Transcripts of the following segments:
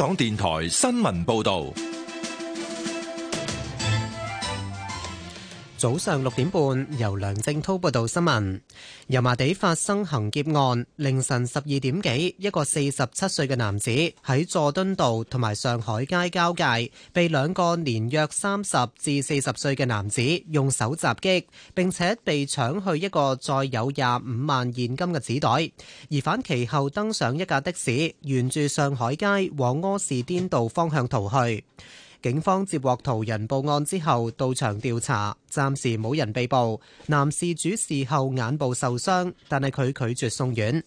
港電台新聞報道。早上六點半，由梁正滔報道新聞。油麻地發生行劫案，凌晨十二點幾，一個四十七歲嘅男子喺佐敦道同埋上海街交界，被兩個年約三十至四十歲嘅男子用手襲擊，並且被搶去一個載有廿五萬現金嘅紙袋，疑犯其後登上一架的士，沿住上海街往柯士甸道方向逃去。警方接獲途人報案之後到場調查，暫時冇人被捕。男事主事後眼部受傷，但係佢拒絕送院。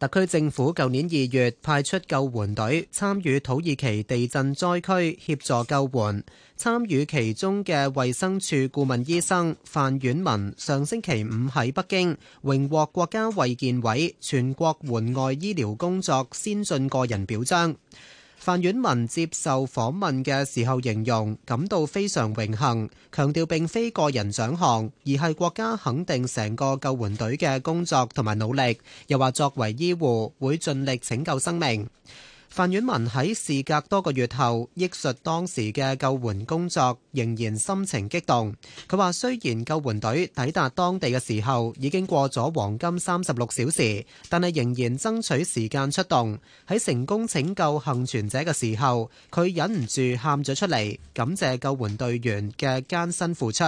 特區政府舊年二月派出救援隊參與土耳其地震災區協助救援，參與其中嘅衛生署顧問醫生范遠文上星期五喺北京榮獲國家衛健委全國援外醫療工作先進個人表彰。范院文接受訪問嘅時候形容感到非常榮幸，強調並非個人獎項，而係國家肯定成個救援隊嘅工作同埋努力。又話作為醫護，會盡力拯救生命。范婉文喺事隔多個月後憶述當時嘅救援工作，仍然心情激動。佢話：雖然救援隊抵達當地嘅時候已經過咗黃金三十六小時，但係仍然爭取時間出動。喺成功拯救幸存者嘅時候，佢忍唔住喊咗出嚟，感謝救援隊員嘅艱辛付出。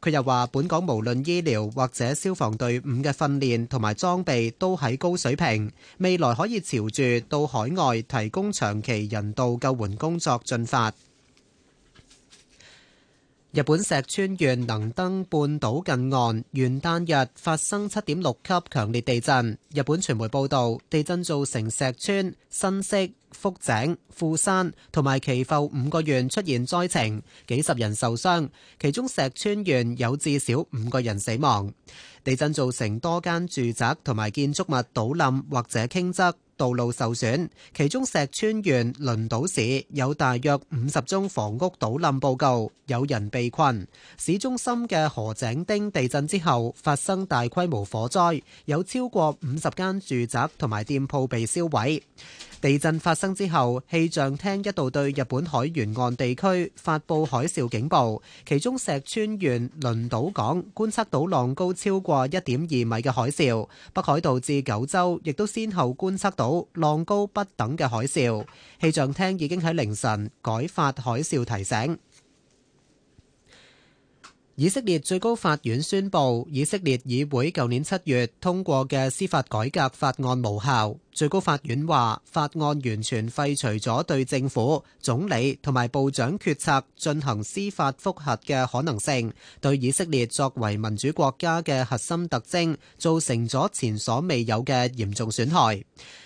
佢又話：本港無論醫療或者消防隊伍嘅訓練同埋裝備都喺高水平，未來可以朝住到海外提供長期人道救援工作進發。日本石川縣能登半島近岸，元旦日發生七點六級強烈地震。日本傳媒報導，地震造成石川、新潟、福井、富山同埋岐阜五個縣出現災情，幾十人受傷，其中石川縣有至少五個人死亡。地震造成多間住宅同埋建築物倒冧或者傾側，道路受損。其中石川縣輪島市有大約五十宗房屋倒冧報告，有人被困。市中心嘅河井町地震之後發生大規模火災，有超過五十間住宅同埋店鋪被燒毀。地震發生之後，氣象廳一度對日本海沿岸地區發佈海嘯警報，其中石川縣輪島港觀測到浪高超過一點二米嘅海嘯。北海道至九州亦都先後觀測到浪高不等嘅海嘯。氣象廳已經喺凌晨改發海嘯提醒。以色列最高法院宣佈，以色列議會舊年七月通過嘅司法改革法案無效。最高法院話，法案完全廢除咗對政府、總理同埋部長決策進行司法複核嘅可能性，對以色列作為民主國家嘅核心特徵造成咗前所未有嘅嚴重損害。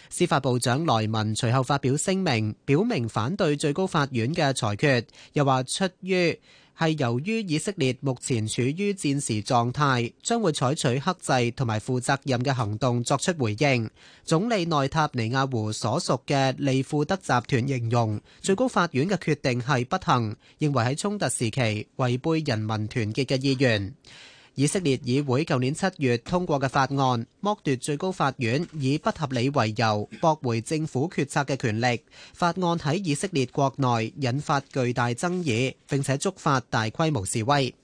司法部長萊文隨後發表聲明，表明反對最高法院嘅裁決，又話出於。係由於以色列目前處於戰時狀態，將會採取克制同埋負責任嘅行動作出回應。總理內塔尼亞胡所屬嘅利庫德集團形容最高法院嘅決定係不幸，認為喺衝突時期違背人民團結嘅意願。以色列議會舊年七月通過嘅法案，剝奪最高法院以不合理為由駁回政府決策嘅權力。法案喺以色列國內引發巨大爭議，並且觸發大規模示威。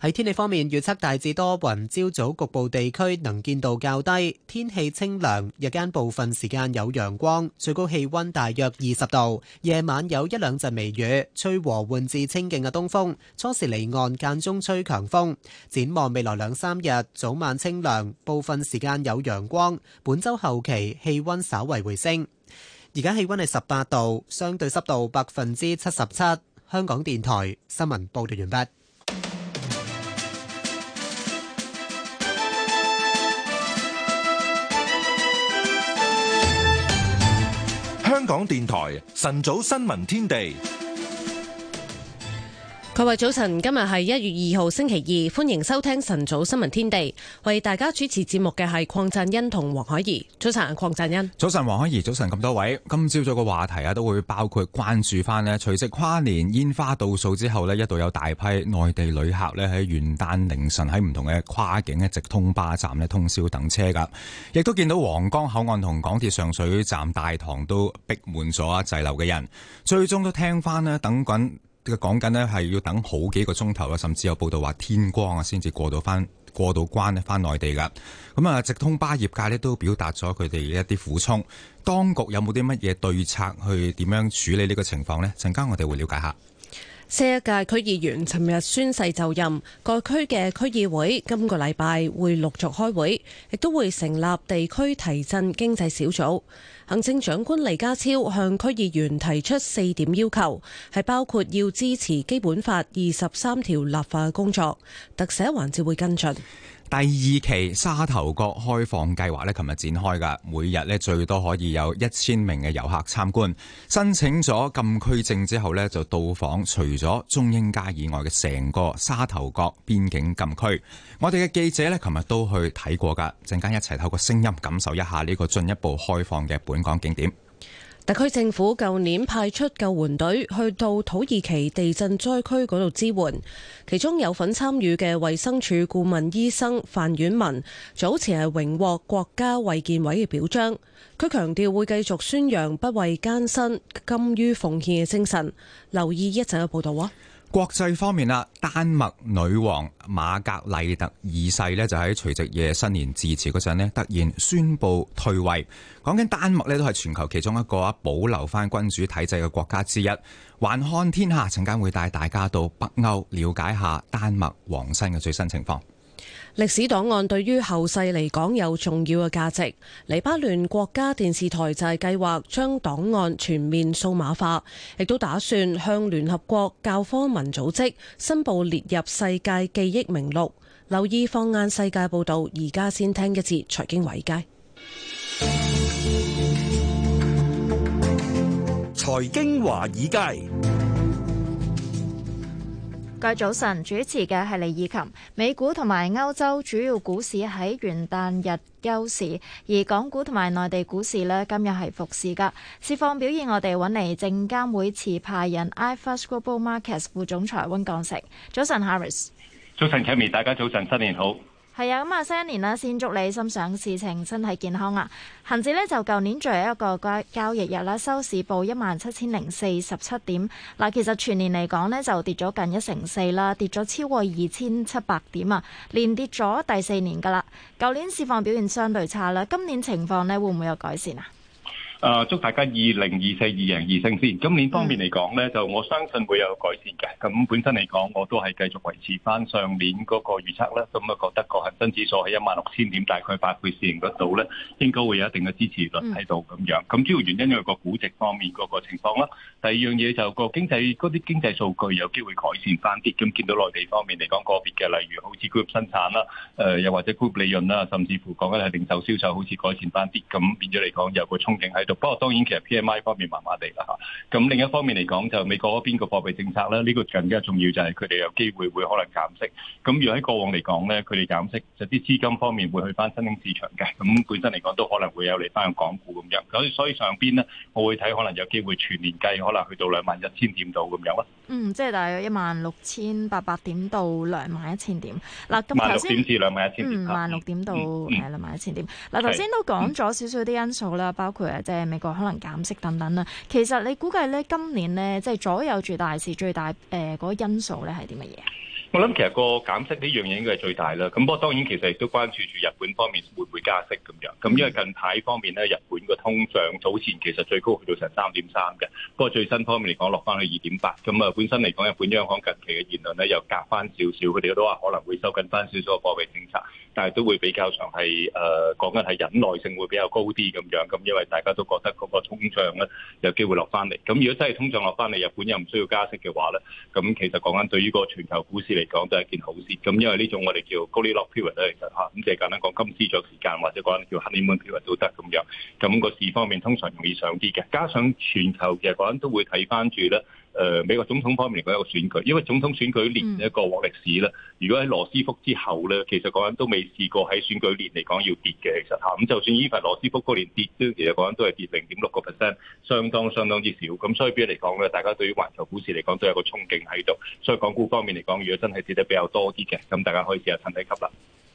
喺天氣方面預測大致多雲，朝早局部地區能見度較低，天氣清涼，日間部分時間有陽光，最高氣溫大約二十度，夜晚有一兩陣微雨，吹和緩至清勁嘅東風，初時離岸間中吹強風。展望未來兩三日，早晚清涼，部分時間有陽光。本周後期氣溫稍為回升。而家氣溫係十八度，相對濕度百分之七十七。香港電台新聞報道完畢。香港電台晨早新聞天地。各位早晨，今日係一月二號星期二，歡迎收聽晨早新聞天地。為大家主持節目嘅係鄺振欣同黃海怡。早晨，鄺振欣。早晨，黃海怡。早晨，咁多位。今朝早嘅話題啊，都會包括關注翻呢，隨即跨年煙花倒數之後一度有大批內地旅客咧喺元旦凌晨喺唔同嘅跨境嘅直通巴站通宵等車噶，亦都見到皇崗口岸同港鐵上水站大堂都逼滿咗滯留嘅人，最終都聽翻呢等緊。佢講緊呢，係要等好幾個鐘頭啦，甚至有報道話天光啊，先至過到翻過到關返內地㗎。咁啊，直通巴業界呢都表達咗佢哋一啲苦衷。當局有冇啲乜嘢對策去點樣處理呢個情況呢？陣間我哋會了解一下。新一屆區議員尋日宣誓就任，各區嘅區議會今個禮拜會陸續開會，亦都會成立地區提振經濟小組。行政長官李家超向區議員提出四點要求，係包括要支持基本法二十三條立法嘅工作。特寫環節會跟進。第二期沙頭角開放計劃咧，琴日展開㗎，每日咧最多可以有一千名嘅遊客參觀。申請咗禁區證之後咧，就到訪除咗中英街以外嘅成個沙頭角邊境禁區。我哋嘅記者咧，琴日都去睇過㗎，陣間一齊透過聲音感受一下呢個進一步開放嘅本港景點。特區政府舊年派出救援隊去到土耳其地震災區嗰度支援，其中有份參與嘅衛生署顧問醫生范婉文，早前係榮獲國家衛健委嘅表彰。佢強調會繼續宣揚不畏艱辛、甘於奉獻嘅精神。留意一陣嘅報道。國際方面啊，丹麥女王瑪格麗特二世就喺除夕夜新年致辭嗰陣突然宣布退位。講緊丹麥都係全球其中一個保留翻君主體制嘅國家之一。環看天下陣間會帶大家到北歐了解下丹麥王室嘅最新情況。歷史檔案對於後世嚟講有重要嘅價值。黎巴嫩國家電視台就係計劃將檔案全面數碼化，亦都打算向聯合國教科文組織申報列入世界記憶名錄。留意放眼世界報道，而家先聽一節財經華爾街。財經華爾街。各位早晨，主持嘅係李以琴。美股同埋歐洲主要股市喺元旦日休市，而港股同埋內地股市咧今日係復市噶。市況表現，我哋揾嚟證監會持牌人 iFAST Global Markets 副總裁温鋼成。早晨，Harris。早晨，Kimi，大家早晨，新年好。係啊，咁啊，新一年啦，先祝你心想事情，身體健康啊！恆指咧就舊年最後一個交交易日啦，收市報一萬七千零四十七點。嗱，其實全年嚟講咧就跌咗近一成四啦，跌咗超過二千七百點啊，連跌咗第四年噶啦。舊年市況表現相對差啦，今年情況咧會唔會有改善啊？誒，祝大家二零二四二贏二勝先。今年方面嚟講咧，就我相信會有改善嘅。咁本身嚟講，我都係繼續維持翻上年嗰個預測啦。咁啊，覺得個恒生指數喺一萬六千點大概八倍市盈率嗰度咧，應該會有一定嘅支持率喺度咁樣。咁主要原因因為個估值方面嗰個情況啦。第二樣嘢就個經濟嗰啲經濟數據有機會改善翻啲。咁見到內地方面嚟講個別嘅，例如好似工業生產啦，誒，又或者工業利潤啦，甚至乎講緊係零售銷售好似改善翻啲，咁變咗嚟講有個憧憬喺度。不過當然，其實 PMI 方面麻麻地啦嚇。咁另一方面嚟講，就美國嗰邊個貨幣政策咧，呢、呢個更加重要，就係佢哋有機會會可能減息。咁如果喺過往嚟講咧，佢哋減息就啲、是、資金方面會去翻新興市場嘅。咁本身嚟講都可能會有嚟翻嘅港股咁樣。咁所以上邊咧，我會睇可能有機會全年計可能去到兩萬一千點度咁樣啊 21, 嗯嗯。嗯，即係大約一萬六千八百點到兩萬一千點。嗱、啊，今頭先。萬六點至兩萬一千點。嗯，萬六點到誒兩萬一千點。嗱，頭先都講咗少少啲因素啦，包括即係。美國可能減息等等啦，其實你估計咧，今年咧，即係左右住大市最大誒嗰個因素咧係啲乜嘢啊？我諗其實個減息呢樣嘢應該係最大啦。咁不過當然其實亦都關注住日本方面會唔會加息咁樣。咁因為近排方面咧，日本嘅通脹早前其實最高去到成三點三嘅，不過最新方面嚟講落翻去二點八。咁啊本身嚟講，日本央行近期嘅言論咧又隔翻少少，佢哋都話可能會收緊翻少少嘅貨幣政策，但係都會比較上係誒講緊係忍耐性會比較高啲咁樣。咁因為大家都覺得嗰個通脹咧有機會落翻嚟。咁如果真係通脹落翻嚟，日本又唔需要加息嘅話咧，咁其實講緊對於個全球股市，嚟講都係一件好事，咁因為呢種我哋叫高利率 pivot 都係得嚇，咁即係簡單講金絲雀時間或者個人叫 honeymoon pivot 都得咁樣，咁個市方面通常容易上啲嘅，加上全球其實講都會睇翻住咧。誒、呃、美國總統方面嚟講有個選舉，因為總統選舉年一個往歷史咧，嗯、如果喺羅斯福之後咧，其實講緊都未試過喺選舉年嚟講要跌嘅，其實嚇咁就算依份羅斯福嗰年跌都其實講緊都係跌零點六個 percent，相當相當之少。咁所以點解嚟講咧？大家對於環球股市嚟講都有個憧憬喺度，所以港股方面嚟講，如果真係跌得比較多啲嘅，咁大家可以試下趁低吸啦。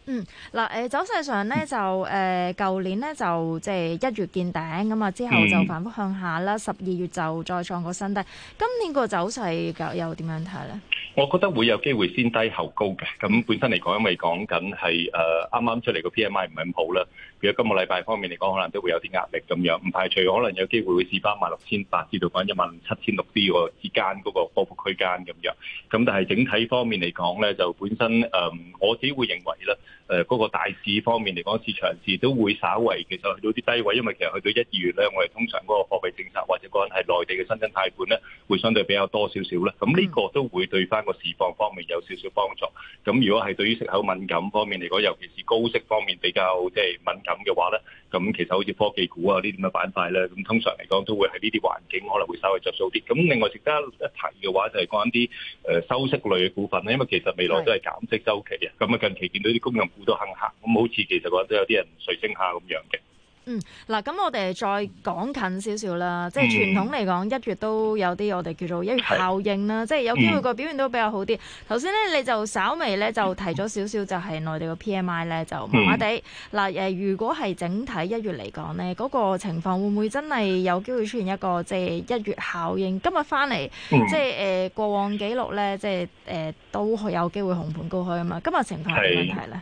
嗯，嗱、呃，走勢上咧就誒，舊、呃、年咧就即係、就是、一月見頂咁啊，之後就反覆向下啦，十二月就再創個新低。今年個走勢又點樣睇咧？我覺得會有機會先低後高嘅。咁本身嚟講，因為講緊係誒啱啱出嚟個 PMI 唔係咁好啦。如果今個禮拜方面嚟講，可能都會有啲壓力咁樣，唔排除可能有機會會試翻萬六千八至到講一萬七千六啲喎之間嗰個波幅區間咁樣。咁但係整體方面嚟講咧，就本身誒、呃，我自己會認為咧。誒嗰個大市方面嚟講，市場市都會稍為其實去到啲低位，因為其實去到一二月咧，我哋通常嗰個貨幣政策或者講係內地嘅新增貸款咧，會相對比較多少少啦。咁呢個都會對翻個市況方面有少少幫助。咁如果係對於息口敏感方面嚟講，尤其是高息方面比較即係敏感嘅話咧，咁其實好似科技股啊呢啲咁嘅板塊咧，咁通常嚟講都會喺呢啲環境可能會稍微着數啲。咁另外值得一提嘅話，就係講一啲收息類嘅股份呢，因為其實未來都係減息周期啊。咁啊近期見到啲公用。好多坑客咁，好似其實覺得有啲人水清下咁樣嘅。嗯，嗱，咁我哋再講近少少啦，即係傳統嚟講，一月都有啲我哋叫做一月效應啦。即係有機會個表現都比較好啲。頭先咧，你就稍微咧就提咗少少，就係內地個 PMI 咧就麻麻地嗱。誒，如果係整體一月嚟講咧，嗰個情況會唔會真係有機會出現一個即係一月效應？今日翻嚟即係誒過往記錄咧，即係誒都有機會紅盤高開啊嘛。今日情況係點樣睇咧？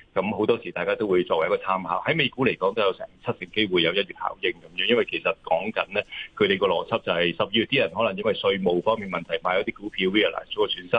咁好多時大家都會作為一個參考，喺美股嚟講都有成七成機會有一月效應咁樣，因為其實講緊咧佢哋個邏輯就係十二月啲人可能因為稅務方面問題買咗啲股票，realize 咗個損失，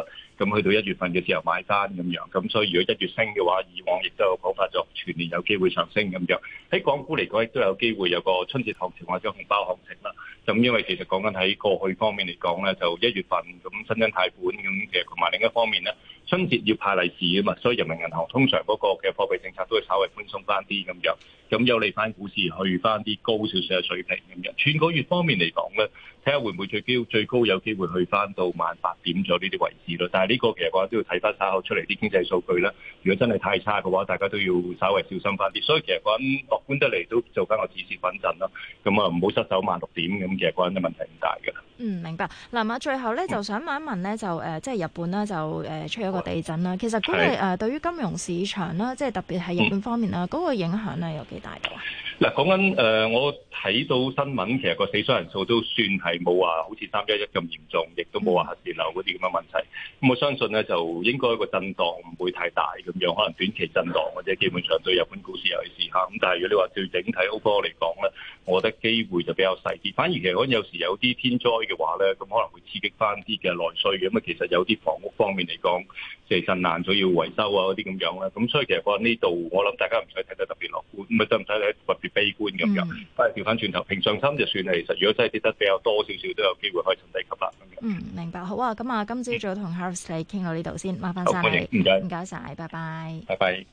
咁去到一月份嘅時候買單咁樣，咁所以如果一月升嘅話，以往亦都有講法，就全年有機會上升咁樣。喺港股嚟講，亦都有機會有個春節行情或者紅包行情啦。咁因為其實講緊喺過去方面嚟講咧，就一月份咁新增貸款咁其實，同埋另一方面咧，春節要派利是啊嘛，所以人民銀行通常嗰個嘅貨幣政策都會稍微寬鬆翻啲咁樣，咁有利翻股市去翻啲高少少嘅水平咁樣。全個月方面嚟講咧，睇下會唔會最高最高有機會去翻到萬八點咗呢啲位置咯。但係呢個其實我都要睇翻稍後出嚟啲經濟數據啦。如果真係太差嘅話，大家都要稍微小心翻啲。所以其實講，搬得嚟都做緊個指示品陣咯，咁啊，唔好失手萬六點咁，其實個人啲問題唔大㗎嗯，明白。嗱嘛，最後咧、嗯、就想問一問咧，就誒即係日本咧就誒出咗個地震啦。其實嗰個誒對於金融市場啦，即係特別係日本方面啦，嗰、那個影響咧有幾大㗎？嗱、嗯，講緊誒、呃，我睇到新聞，其實個死傷人數都算係冇話好似三一一咁嚴重，亦都冇話核電流嗰啲咁嘅問題。咁、嗯、我相信咧，就應該個震盪唔會太大咁樣，嗯、可能短期震盪或者基本上對日本股市有啲試嚇。咁但係如果你話對整體歐方嚟講咧，我覺得機會就比較細啲。反而其實可能有時有啲天災的嘅話咧，咁可能會刺激翻啲嘅內需嘅，咁啊其實有啲房屋方面嚟講，即係震爛咗要維修啊嗰啲咁樣咧，咁所以其實講呢度，我諗大家唔使睇得特別樂觀，唔係就唔使睇特別悲觀咁樣，但係調翻轉頭，平常心就算啦。其實如果真係跌得比較多少少，都有機會可以趁低吸納咁啦。嗯，明白，好啊，咁啊，今朝早同 Harvey 你傾到呢度先，麻煩曬，唔該，唔該曬，拜拜，拜拜。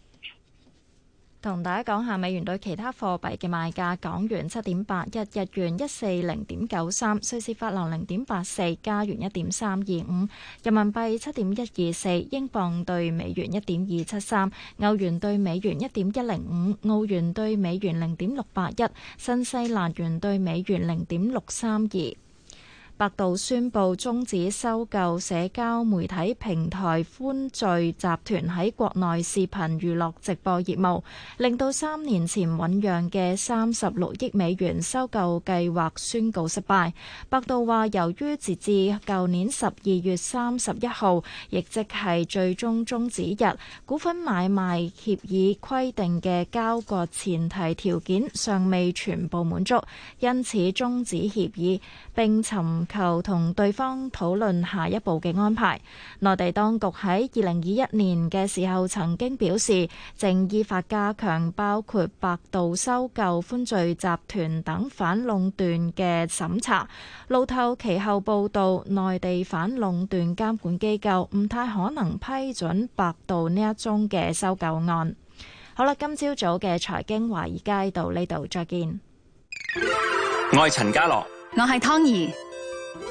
同大家講下美元對其他貨幣嘅賣價：港元七點八一，日元一四零點九三，瑞士法郎零點八四，加元一點三二五，人民幣七點一二四，英鎊兌美元一點二七三，歐元兌美元一點一零五，澳元兌美元零點六八一，新西蘭元兌美元零點六三二。百度宣布終止收購社交媒體平台寬聚集團喺國內視頻娛樂直播業務，令到三年前醞釀嘅三十六億美元收購計劃宣告失敗。百度話，由於截至舊年十二月三十一號亦即係最終終止日，股份買賣協議規定嘅交割前提條件尚未全部滿足，因此終止協議並尋求同對方討論下一步嘅安排。內地當局喺二零二一年嘅時候曾經表示，正依法加強包括百度收購歡聚集團等反壟斷嘅審查。路透其後報道，內地反壟斷監管機構唔太可能批准百度呢一宗嘅收購案。好啦，今朝早嘅財經華爾街到呢度，再見。我係陳家樂，我係湯怡。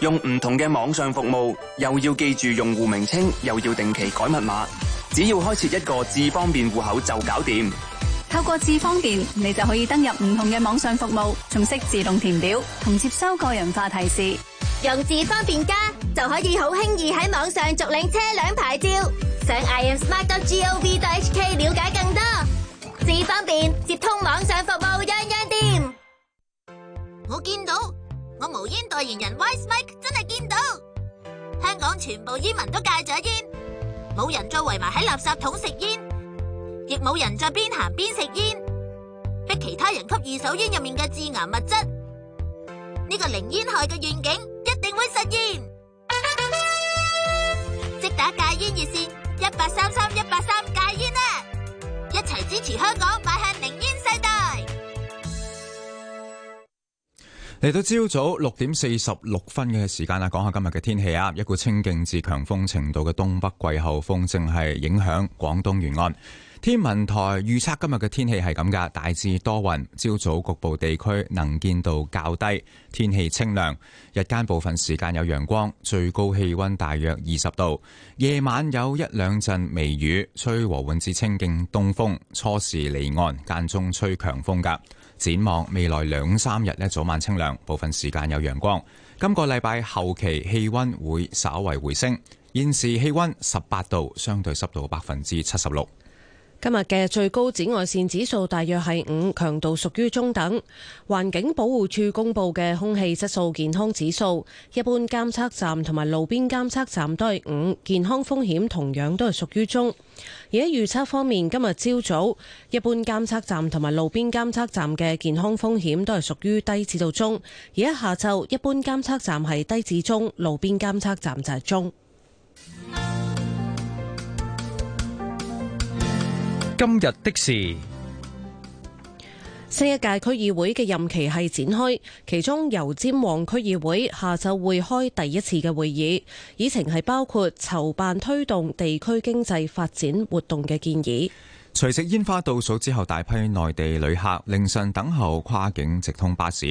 用唔同嘅網上服務，又要記住用戶名稱，又要定期改密碼。只要開設一個智方便戶口就搞掂。透過智方便，你就可以登入唔同嘅網上服務，重識自動填表同接收個人化提示。用智方便加就可以好輕易喺網上續領車輛牌照。上 imsmart.gov.hk。我無煙代言人 Wise Mike 真係見到，香港全部煙民都戒咗煙，冇人再圍埋喺垃圾桶食煙，亦冇人再邊行邊食煙，逼其他人吸二手煙入面嘅致癌物質。呢個零煙害嘅願景一定會實現。即打戒煙熱線一八三三一八三戒煙啊！一齊支持香港邁向零煙。嚟到朝早六點四十六分嘅時間啦，講下今日嘅天氣啊！一股清勁至強風程度嘅東北季候風正係影響廣東沿岸。天文台預測今日嘅天氣係咁噶，大致多雲，朝早局部地區能見度較低，天氣清涼，日間部分時間有陽光，最高氣溫大約二十度，夜晚有一兩陣微雨，吹和緩至清勁東風，初時離岸，間中吹強風噶。展望未來兩三日呢，早晚清涼，部分時間有陽光。今個禮拜後期氣温會稍為回升。現時氣温十八度，相對濕度百分之七十六。今日嘅最高紫外線指數大約係五，強度屬於中等。環境保護署公布嘅空氣質素健康指數，一般監測站同埋路邊監測站都係五，健康風險同樣都係屬於中。而喺預測方面，今日朝早一般監測站同埋路邊監測站嘅健康風險都係屬於低至到中，而喺下晝一般監測站係低至中，路邊監測站就係中。今日的事，新一屆區議會嘅任期係展開，其中油尖旺區議會下晝會開第一次嘅會議，議程係包括籌辦推動地區經濟發展活動嘅建議。除夕煙花倒數之後，大批內地旅客凌晨等候跨境直通巴士。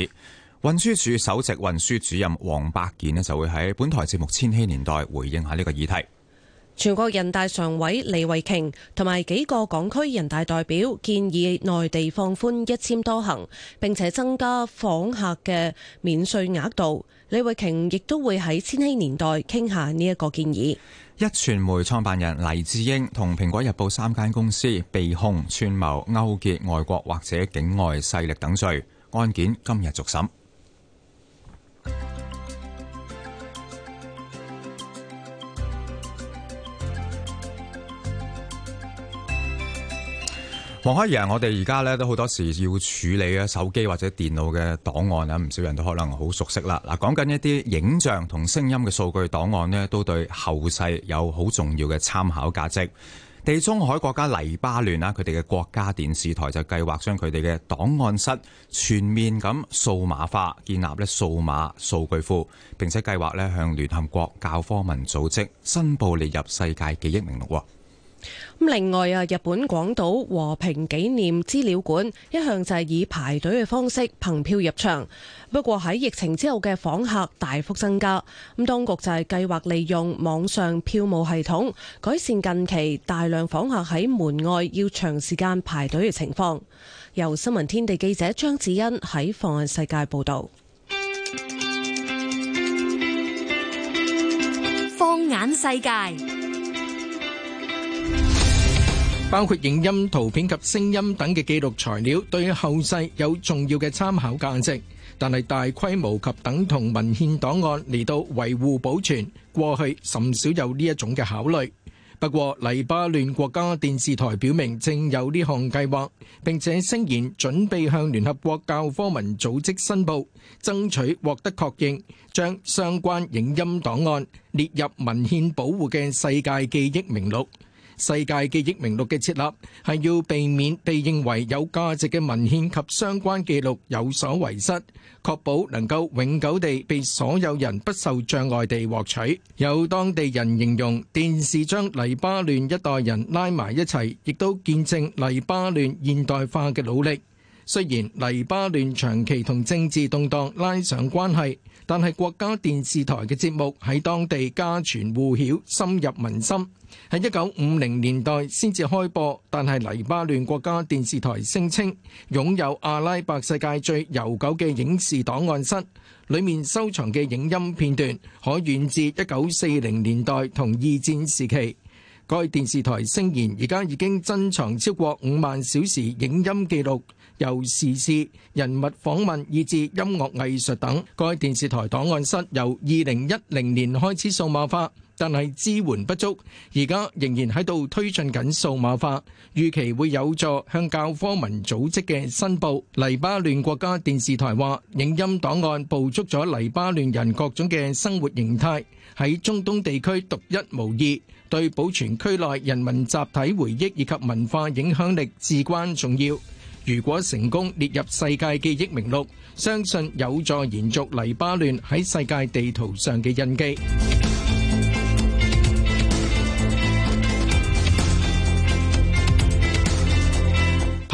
運輸署首席運輸主任黃百健呢就會喺本台節目《千禧年代》回應下呢個議題。全國人大常委李慧瓊同埋幾個港區人大代表建議內地放寬一簽多行，並且增加訪客嘅免稅額度。李慧瓊亦都會喺千禧年代傾下呢一個建議。一傳媒創辦人黎智英同蘋果日報三間公司被控串謀勾結外國或者境外勢力等罪，案件今日續審。王開揚，我哋而家咧都好多時要處理手機或者電腦嘅檔案，有唔少人都可能好熟悉啦。嗱，講緊一啲影像同聲音嘅數據檔案呢都對後世有好重要嘅參考價值。地中海國家黎巴嫩啦，佢哋嘅國家電視台就計劃將佢哋嘅檔案室全面咁數碼化，建立咧數碼數據庫，並且計劃咧向聯合國教科文組織申報列入世界記憶名錄。咁另外啊，日本廣島和平紀念資料館一向就係以排隊嘅方式憑票入場，不過喺疫情之後嘅訪客大幅增加，咁當局就係計劃利用網上票務系統改善近期大量訪客喺門外要長時間排隊嘅情況。由新聞天地記者張子欣喺放眼世界報道。放眼世界。報導包括影音、圖片及聲音等嘅記錄材料，對後世有重要嘅參考價值。但係大規模及等同文獻檔案嚟到維護保存，過去甚少有呢一種嘅考慮。不過，黎巴嫩國家電視台表明正有呢項計劃，並且聲言準備向聯合國教科文組織申報，爭取獲得確認，將相關影音檔案列入文獻保護嘅世界記憶名錄。世界記憶名錄嘅設立係要避免被認為有價值嘅文獻及相關記錄有所遺失，確保能夠永久地被所有人不受障礙地獲取。有當地人形容，電視將黎巴嫩一代人拉埋一齊，亦都見證黎巴嫩現代化嘅努力。雖然黎巴嫩長期同政治動盪拉上關係，但係國家電視台嘅節目喺當地家傳戶曉，深入民心。喺一九五零年代先至開播，但係黎巴嫩國家電視台聲稱擁有阿拉伯世界最悠久嘅影視檔案室，裡面收藏嘅影音片段可遠至一九四零年代同二戰時期。該電視台聲言而家已經珍藏超過五萬小時影音記錄，由時事、人物訪問以至音樂、藝術等。該電視台檔案室由二零一零年開始數碼化。但係支援不足，而家仍然喺度推進緊數碼化，預期會有助向教科文組織嘅申報。黎巴嫩國家電視台話，影音檔案捕捉咗黎巴嫩人各種嘅生活形態，喺中東地區獨一無二，對保存區內人民集體回憶以及文化影響力至關重要。如果成功列入世界記憶名錄，相信有助延續黎巴嫩喺世界地圖上嘅印記。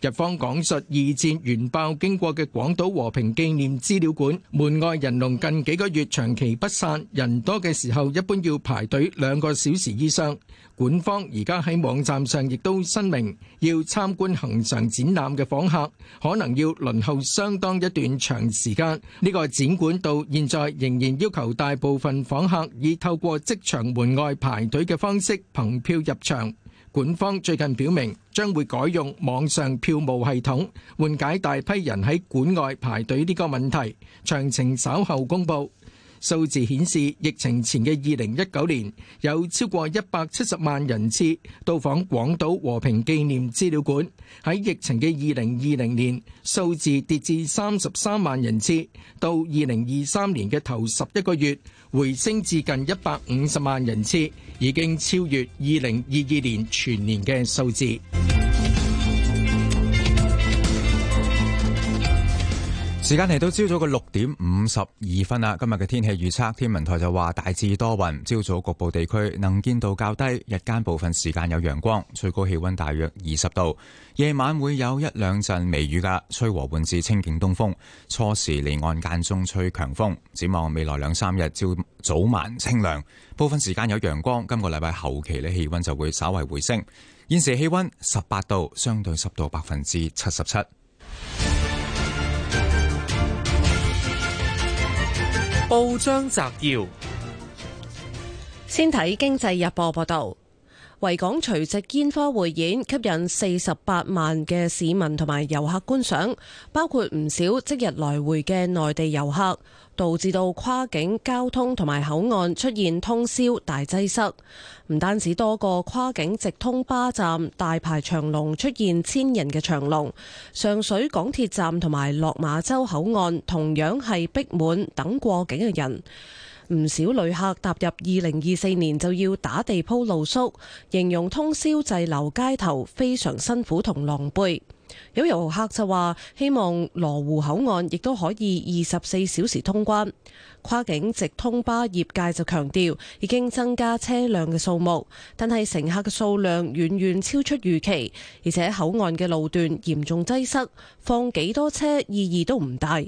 日方講述二戰原爆經過嘅廣島和平紀念資料館門外人龍近幾個月長期不散，人多嘅時候一般要排隊兩個小時以上。館方而家喺網站上亦都聲明，要參觀恒常展覽嘅訪客可能要輪候相當一段長時間，呢個展館到現在仍然要求大部分訪客以透過職場門外排隊嘅方式憑票入場。管方最近表明，將會改用網上票務系統，緩解大批人喺管外排隊呢個問題，詳情稍後公布。數字顯示疫情前嘅二零一九年有超過一百七十萬人次到訪廣島和平紀念資料館，喺疫情嘅二零二零年數字跌至三十三萬人次，到二零二三年嘅頭十一個月回升至近一百五十萬人次，已經超越二零二二年全年嘅數字。時間嚟到朝早嘅六點五十二分啦。今日嘅天氣預測，天文台就話大致多雲，朝早局部地區能見度較低，日間部分時間有陽光，最高氣溫大約二十度，夜晚會有一兩陣微雨噶，吹和緩至清勁東風，初時離岸間中吹強風。展望未來兩三日，朝早晚清涼，部分時間有陽光。今個禮拜後期呢氣溫就會稍為回升。現時氣溫十八度，相對濕度百分之七十七。報章摘要：先睇《經濟日報》報道，維港除夕煙花匯演吸引四十八萬嘅市民同埋遊客觀賞，包括唔少即日來回嘅內地遊客。導致到跨境交通同埋口岸出現通宵大擠塞，唔單止多個跨境直通巴站大排長龍，出現千人嘅長龍，上水港鐵站同埋落馬洲口岸同樣係逼滿等過境嘅人，唔少旅客踏入二零二四年就要打地鋪露宿，形容通宵滯留街頭非常辛苦同狼狽。有遊客就話希望羅湖口岸亦都可以二十四小時通關。跨境直通巴業界就強調已經增加車輛嘅數目，但係乘客嘅數量遠遠超出預期，而且口岸嘅路段嚴重擠塞，放幾多車意義都唔大。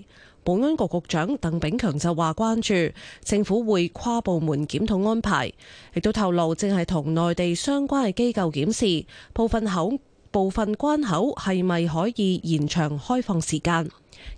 保安局局長鄧炳強就話關注政府會跨部門檢討安排，亦都透露正係同內地相關嘅機構檢視部分口。部分關口係咪可以延長開放時間？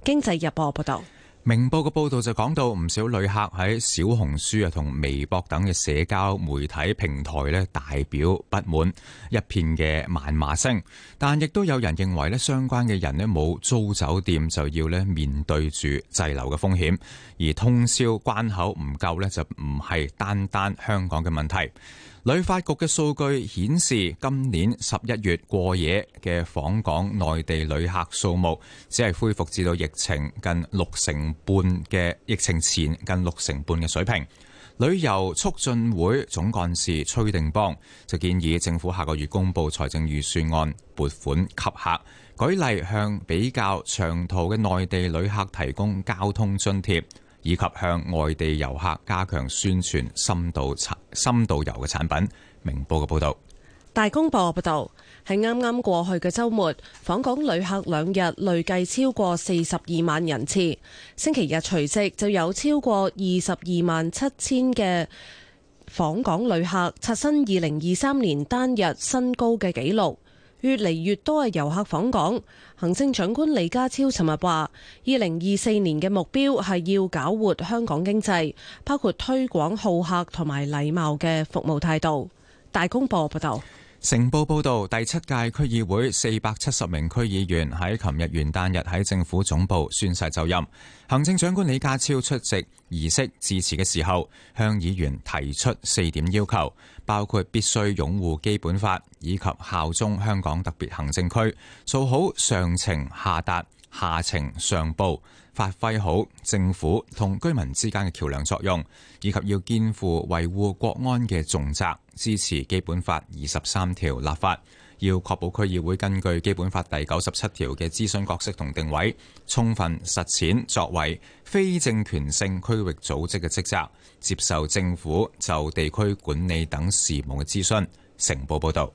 經濟日報報道，明報嘅報道就講到唔少旅客喺小紅書啊同微博等嘅社交媒體平台咧，大表不滿，一片嘅謾罵聲。但亦都有人認為咧，相關嘅人咧冇租酒店就要咧面對住滯留嘅風險，而通宵關口唔夠呢就唔係單單香港嘅問題。旅發局嘅數據顯示，今年十一月過夜嘅訪港內地旅客數目，只係恢復至到疫情近六成半嘅疫情前近六成半嘅水平。旅遊促進會總幹事崔定邦就建議政府下個月公布財政預算案撥款給客，舉例向比較長途嘅內地旅客提供交通津貼。以及向外地遊客加強宣傳深度、深度遊嘅產品。明報嘅報道，大公報報道，喺啱啱過去嘅周末，訪港旅客兩日累計超過四十二萬人次。星期日除夕就有超過二十二萬七千嘅訪港旅客刷新二零二三年單日新高嘅紀錄。越嚟越多嘅遊客訪港，行政長官李家超尋日話：二零二四年嘅目標係要搞活香港經濟，包括推廣好客同埋禮貌嘅服務態度。大公報報道，《成報》報道，第七屆區議會四百七十名區議員喺琴日元旦日喺政府總部宣誓就任，行政長官李家超出席儀式致辭嘅時候，向議員提出四點要求。包括必須擁護基本法，以及效忠香港特別行政區，做好上情下達、下情上報，發揮好政府同居民之間嘅橋梁作用，以及要肩負維護國安嘅重責，支持基本法二十三條立法。要確保區議會根據《基本法》第九十七條嘅諮詢角色同定位，充分實踐作為非政權性區域組織嘅職責，接受政府就地區管理等事務嘅諮詢。成報報道。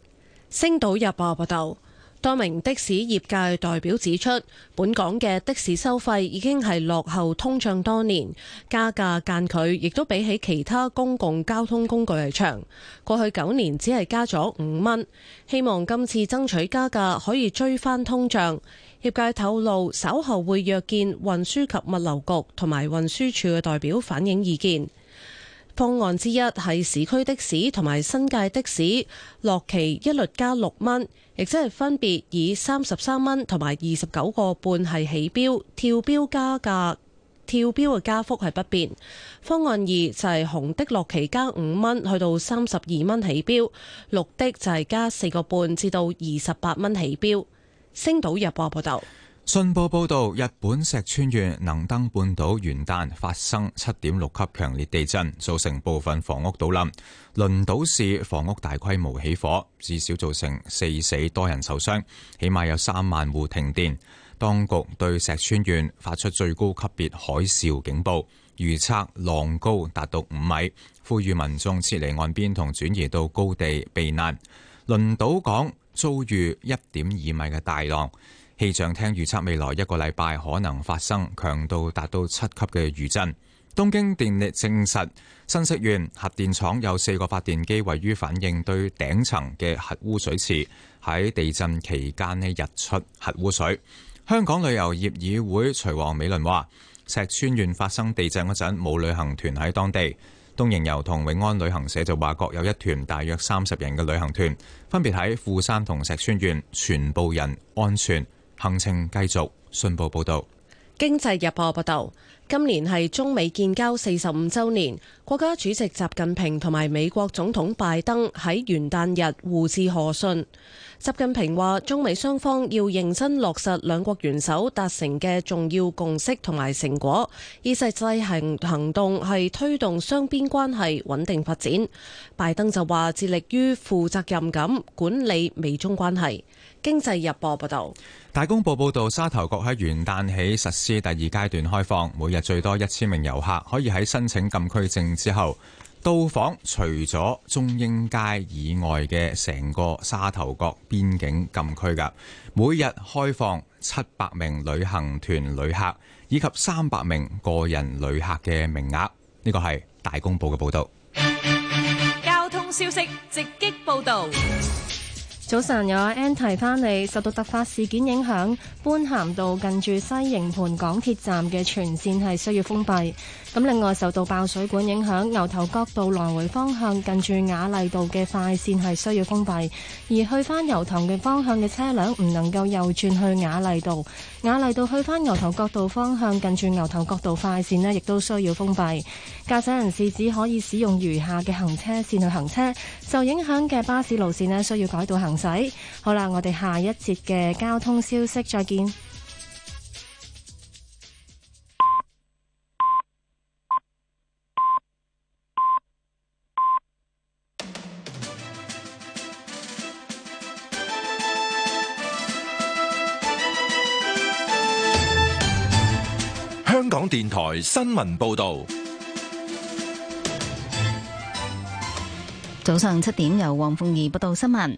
星島日報報道。多名的士業界代表指出，本港嘅的、的士收費已經係落後通脹多年，加價間距亦都比起其他公共交通工具係長。過去九年只係加咗五蚊，希望今次爭取加價可以追翻通脹。業界透露，稍後會約見運輸及物流局同埋運輸署嘅代表反映意見。方案之一係市區的士同埋新界的士落期一律加六蚊。亦即係分別以三十三蚊同埋二十九個半係起標，跳標加價，跳標嘅加幅係不變。方案二就係紅的落旗加五蚊，去到三十二蚊起標；綠的就係加四個半，至到二十八蚊起標。星島日報報道。信報報導，日本石川縣能登半島元旦發生七點六級強烈地震，造成部分房屋倒冧。輪島市房屋大規模起火，至少造成四死多人受傷，起碼有三萬戶停電。當局對石川縣發出最高級別海嘯警報，預測浪高達到五米，呼籲民眾撤離岸邊同轉移到高地避難。輪島港遭遇一點二米嘅大浪。氣象廳預測未來一個禮拜可能發生強度達到七級嘅餘震。東京電力證實，新潟縣核電廠有四個發電機位於反應堆頂層嘅核污水池，喺地震期間溢出核污水。香港旅遊業議會徐王美倫話：石川縣發生地震嗰陣冇旅行團喺當地，東瀛遊同永安旅行社就話各有一團大約三十人嘅旅行團，分別喺富山同石川縣，全部人安全。行程繼續，信報報導。經濟日報報道，今年係中美建交四十五週年，國家主席習近平同埋美國總統拜登喺元旦日互致賀信。習近平話：中美雙方要認真落實兩國元首達成嘅重要共識同埋成果，以實際行行動係推動雙邊關係穩定發展。拜登就話：致力於負責任感管理美中關係。經濟日報報道，大公報報道，沙頭角喺元旦起實施第二階段開放，每日最多一千名遊客可以喺申請禁區證之後到訪，除咗中英街以外嘅成個沙頭角邊境禁區嘅，每日開放七百名旅行團旅客以及三百名個人旅客嘅名額。呢、這個係大公報嘅報道。交通消息直擊報道。早晨，有阿 Ann 提翻嚟，受到突發事件影響，般咸道近住西營盤港鐵站嘅全綫係需要封閉。咁另外受到爆水管影響，牛頭角道來回方向近住雅麗道嘅快綫係需要封閉，而去翻油塘嘅方向嘅車輛唔能夠右轉去雅麗道，雅麗道去翻牛頭角道方向近住牛頭角道快綫咧，亦都需要封閉，駕駛人士只可以使用餘下嘅行車綫去行車。受影響嘅巴士路綫咧需要改道行駛。好啦，我哋下一節嘅交通消息，再見。香港電台新聞報道，早上七時由黃鳳儀報道新聞。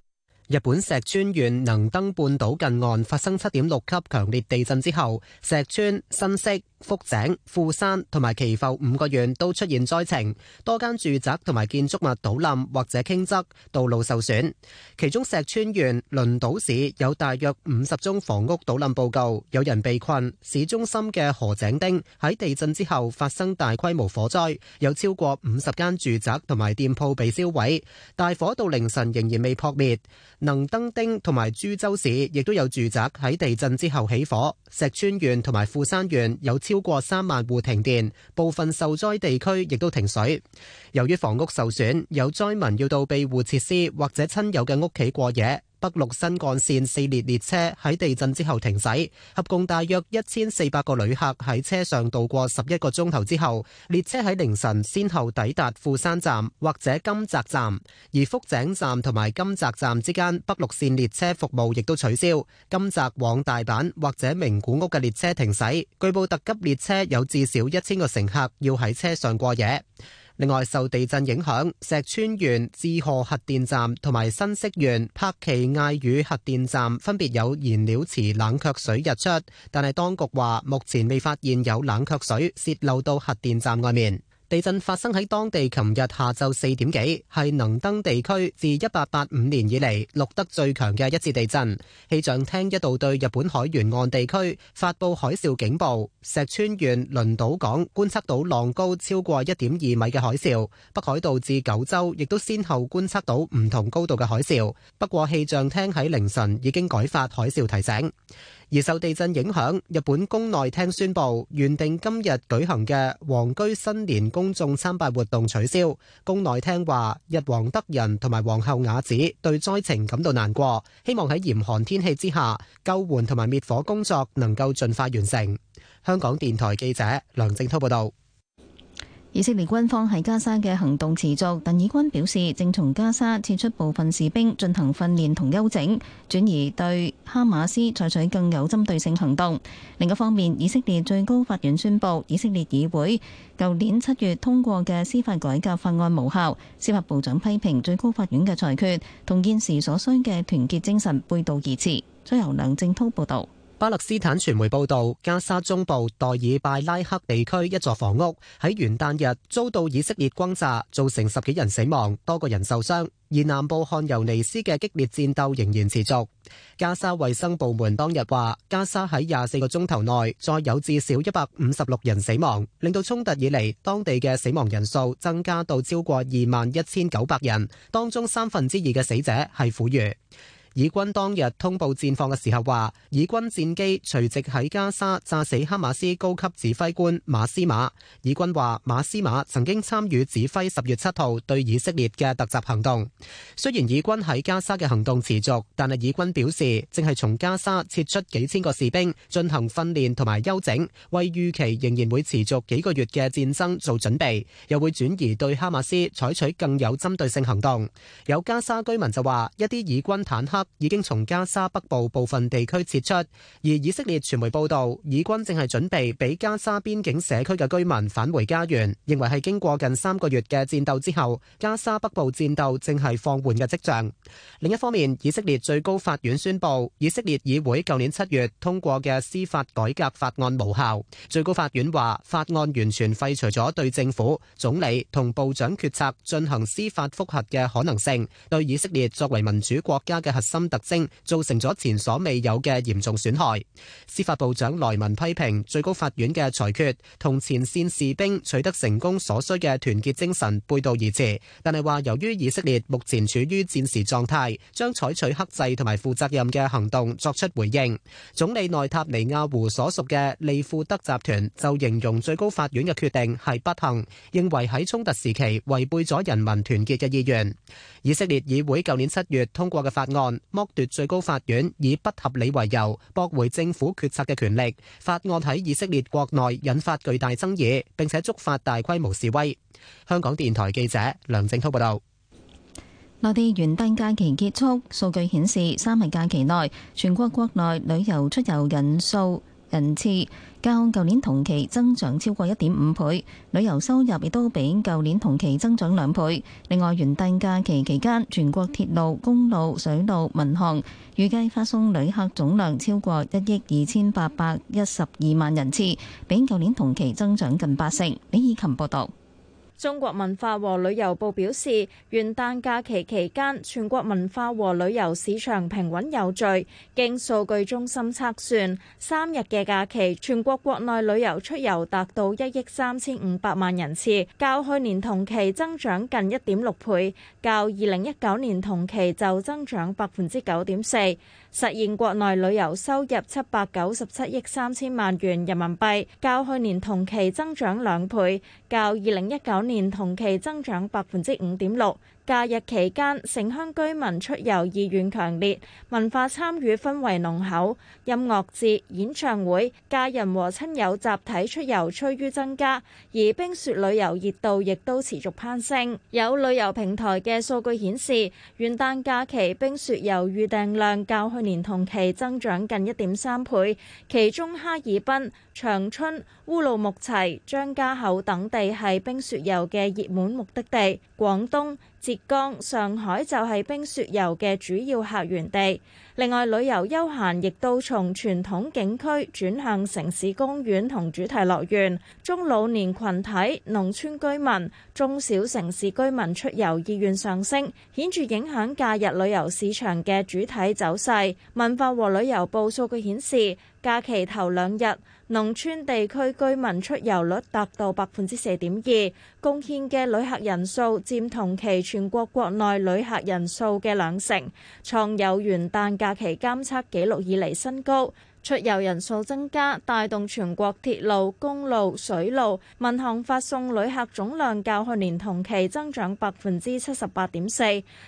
日本石川縣能登半島近岸發生七點六級強烈地震之後，石川、新潟、福井、富山同埋岐阜五個縣都出現災情，多間住宅同埋建築物倒冧或者傾側，道路受損，其中石川縣輪島市有大約五十宗房屋倒冧報告，有人被困。市中心嘅河井町喺地震之後發生大規模火災，有超過五十間住宅同埋店鋪被燒毀，大火到凌晨仍然未撲滅。能登町同埋珠洲市亦都有住宅喺地震之後起火，石川縣同埋富山縣有超過三萬戶停電，部分受災地區亦都停水。由於房屋受損，有災民要到庇護設施或者親友嘅屋企過夜。北陸新幹線四列列車喺地震之後停駛，合共大約一千四百個旅客喺車上度過十一個鐘頭之後，列車喺凌晨先後抵達富山站或者金澤站，而福井站同埋金澤站之間北陸線列車服務亦都取消，金澤往大阪或者名古屋嘅列車停駛。據報，特急列車有至少一千個乘客要喺車上過夜。另外，受地震影響，石川縣志賀核電站同埋新潟縣柏崎刈羽核電站分別有燃料池冷卻水溢出，但係當局話目前未發現有冷卻水泄漏到核電站外面。地震發生喺當地琴日下晝四點幾，係能登地區自一八八五年以嚟錄得最強嘅一次地震。氣象廳一度對日本海沿岸地區發布海嘯警報，石川縣輪島港觀測到浪高超過一點二米嘅海嘯。北海道至九州亦都先後觀測到唔同高度嘅海嘯。不過氣象廳喺凌晨已經改發海嘯提醒。而受地震影響，日本宮內廳宣布原定今日舉行嘅皇居新年公眾參拜活動取消。宮內廳話，日皇德仁同埋皇后雅子對災情感到難過，希望喺嚴寒天氣之下，救援同埋滅火工作能夠盡快完成。香港電台記者梁正濤報道。以色列軍方喺加沙嘅行動持續，但以軍表示正從加沙撤出部分士兵進行訓練同休整，轉而對哈馬斯採取更有針對性行動。另一方面，以色列最高法院宣布，以色列議會舊年七月通過嘅司法改革法案無效。司法部長批評最高法院嘅裁決同現時所需嘅團結精神背道而馳。再由梁正濤報道。巴勒斯坦傳媒報道，加沙中部代爾拜拉克地區一座房屋喺元旦日遭到以色列轟炸，造成十幾人死亡，多個人受傷。而南部漢尤尼斯嘅激烈戰鬥仍然持續。加沙衛生部門當日話，加沙喺廿四個鐘頭內再有至少一百五十六人死亡，令到衝突以嚟當地嘅死亡人數增加到超過二萬一千九百人，當中三分之二嘅死者係婦孺。以軍當日通報戰況嘅時候話，以軍戰機隨即喺加沙炸死哈馬斯高級指揮官馬斯馬。以軍話馬斯馬曾經參與指揮十月七號對以色列嘅突襲行動。雖然以軍喺加沙嘅行動持續，但係以軍表示正係從加沙撤出幾千個士兵進行訓練同埋休整，為預期仍然會持續幾個月嘅戰爭做準備，又會轉移對哈馬斯採取更有針對性行動。有加沙居民就話，一啲以軍坦克，已經從加沙北部部分地區撤出，而以色列傳媒報道，以軍正係準備俾加沙邊境社區嘅居民返回家園，認為係經過近三個月嘅戰鬥之後，加沙北部戰鬥正係放緩嘅跡象。另一方面，以色列最高法院宣布，以色列議會舊年七月通過嘅司法改革法案無效。最高法院話，法案完全廢除咗對政府、總理同部長決策進行司法覆核嘅可能性，對以色列作為民主國家嘅核。新特徵造成咗前所未有嘅嚴重損害。司法部長萊文批評最高法院嘅裁決同前線士兵取得成功所需嘅團結精神背道而馳，但係話由於以色列目前處於戰時狀態，將採取克制同埋負責任嘅行動作出回應。總理內塔尼亞胡所屬嘅利庫德集團就形容最高法院嘅決定係不幸，認為喺衝突時期違背咗人民團結嘅意願。以色列議會舊年七月通過嘅法案。剝奪最高法院以不合理為由駁回政府決策嘅權力，法案喺以色列國內引發巨大爭議，並且觸發大規模示威。香港電台記者梁正濤報道。內地元旦假期結束，數據顯示三日假期內全國國內旅遊出遊人數。人次較舊年同期增長超過一點五倍，旅遊收入亦都比舊年同期增長兩倍。另外，元旦假期期間，全國鐵路、公路、水路、民航預計發送旅客總量超過一億二千八百一十二萬人次，比舊年同期增長近八成。李以琴報道。中國文化和旅遊部表示，元旦假期期間，全國文化和旅遊市場平穩有序。經數據中心測算，三日嘅假期，全國國內旅遊出遊達到一億三千五百萬人次，較去年同期增長近一點六倍，較二零一九年同期就增長百分之九點四。實現國內旅遊收入七百九十七億三千萬元人民幣，較去年同期增長兩倍，較二零一九年同期增長百分之五點六。假日期間，城鄉居民出遊意願強烈，文化參與氛圍濃厚，音樂節、演唱會、家人和親友集體出遊趨於增加，而冰雪旅遊熱度亦都持續攀升。有旅遊平台嘅數據顯示，元旦假期冰雪遊預訂量較去年同期增長近一點三倍，其中哈爾濱、長春烏魯木齊、張家口等地係冰雪遊嘅熱門目的地，廣東、浙江、上海就係冰雪遊嘅主要客源地。另外，旅遊休閒亦都從傳統景區轉向城市公園同主題樂園。中老年群體、農村居民、中小城市居民出遊意願上升，顯著影響假日旅遊市場嘅主體走勢。文化和旅遊部數據顯示，假期頭兩日，農村地區居民出遊率達到百分之四點二，貢獻嘅旅客人數佔同期全國國內旅客人數嘅兩成，創有元旦假期監測記錄以嚟新高。出遊人數增加，帶動全國鐵路、公路、水路、民航發送旅客總量較去年同期增長百分之七十八點四，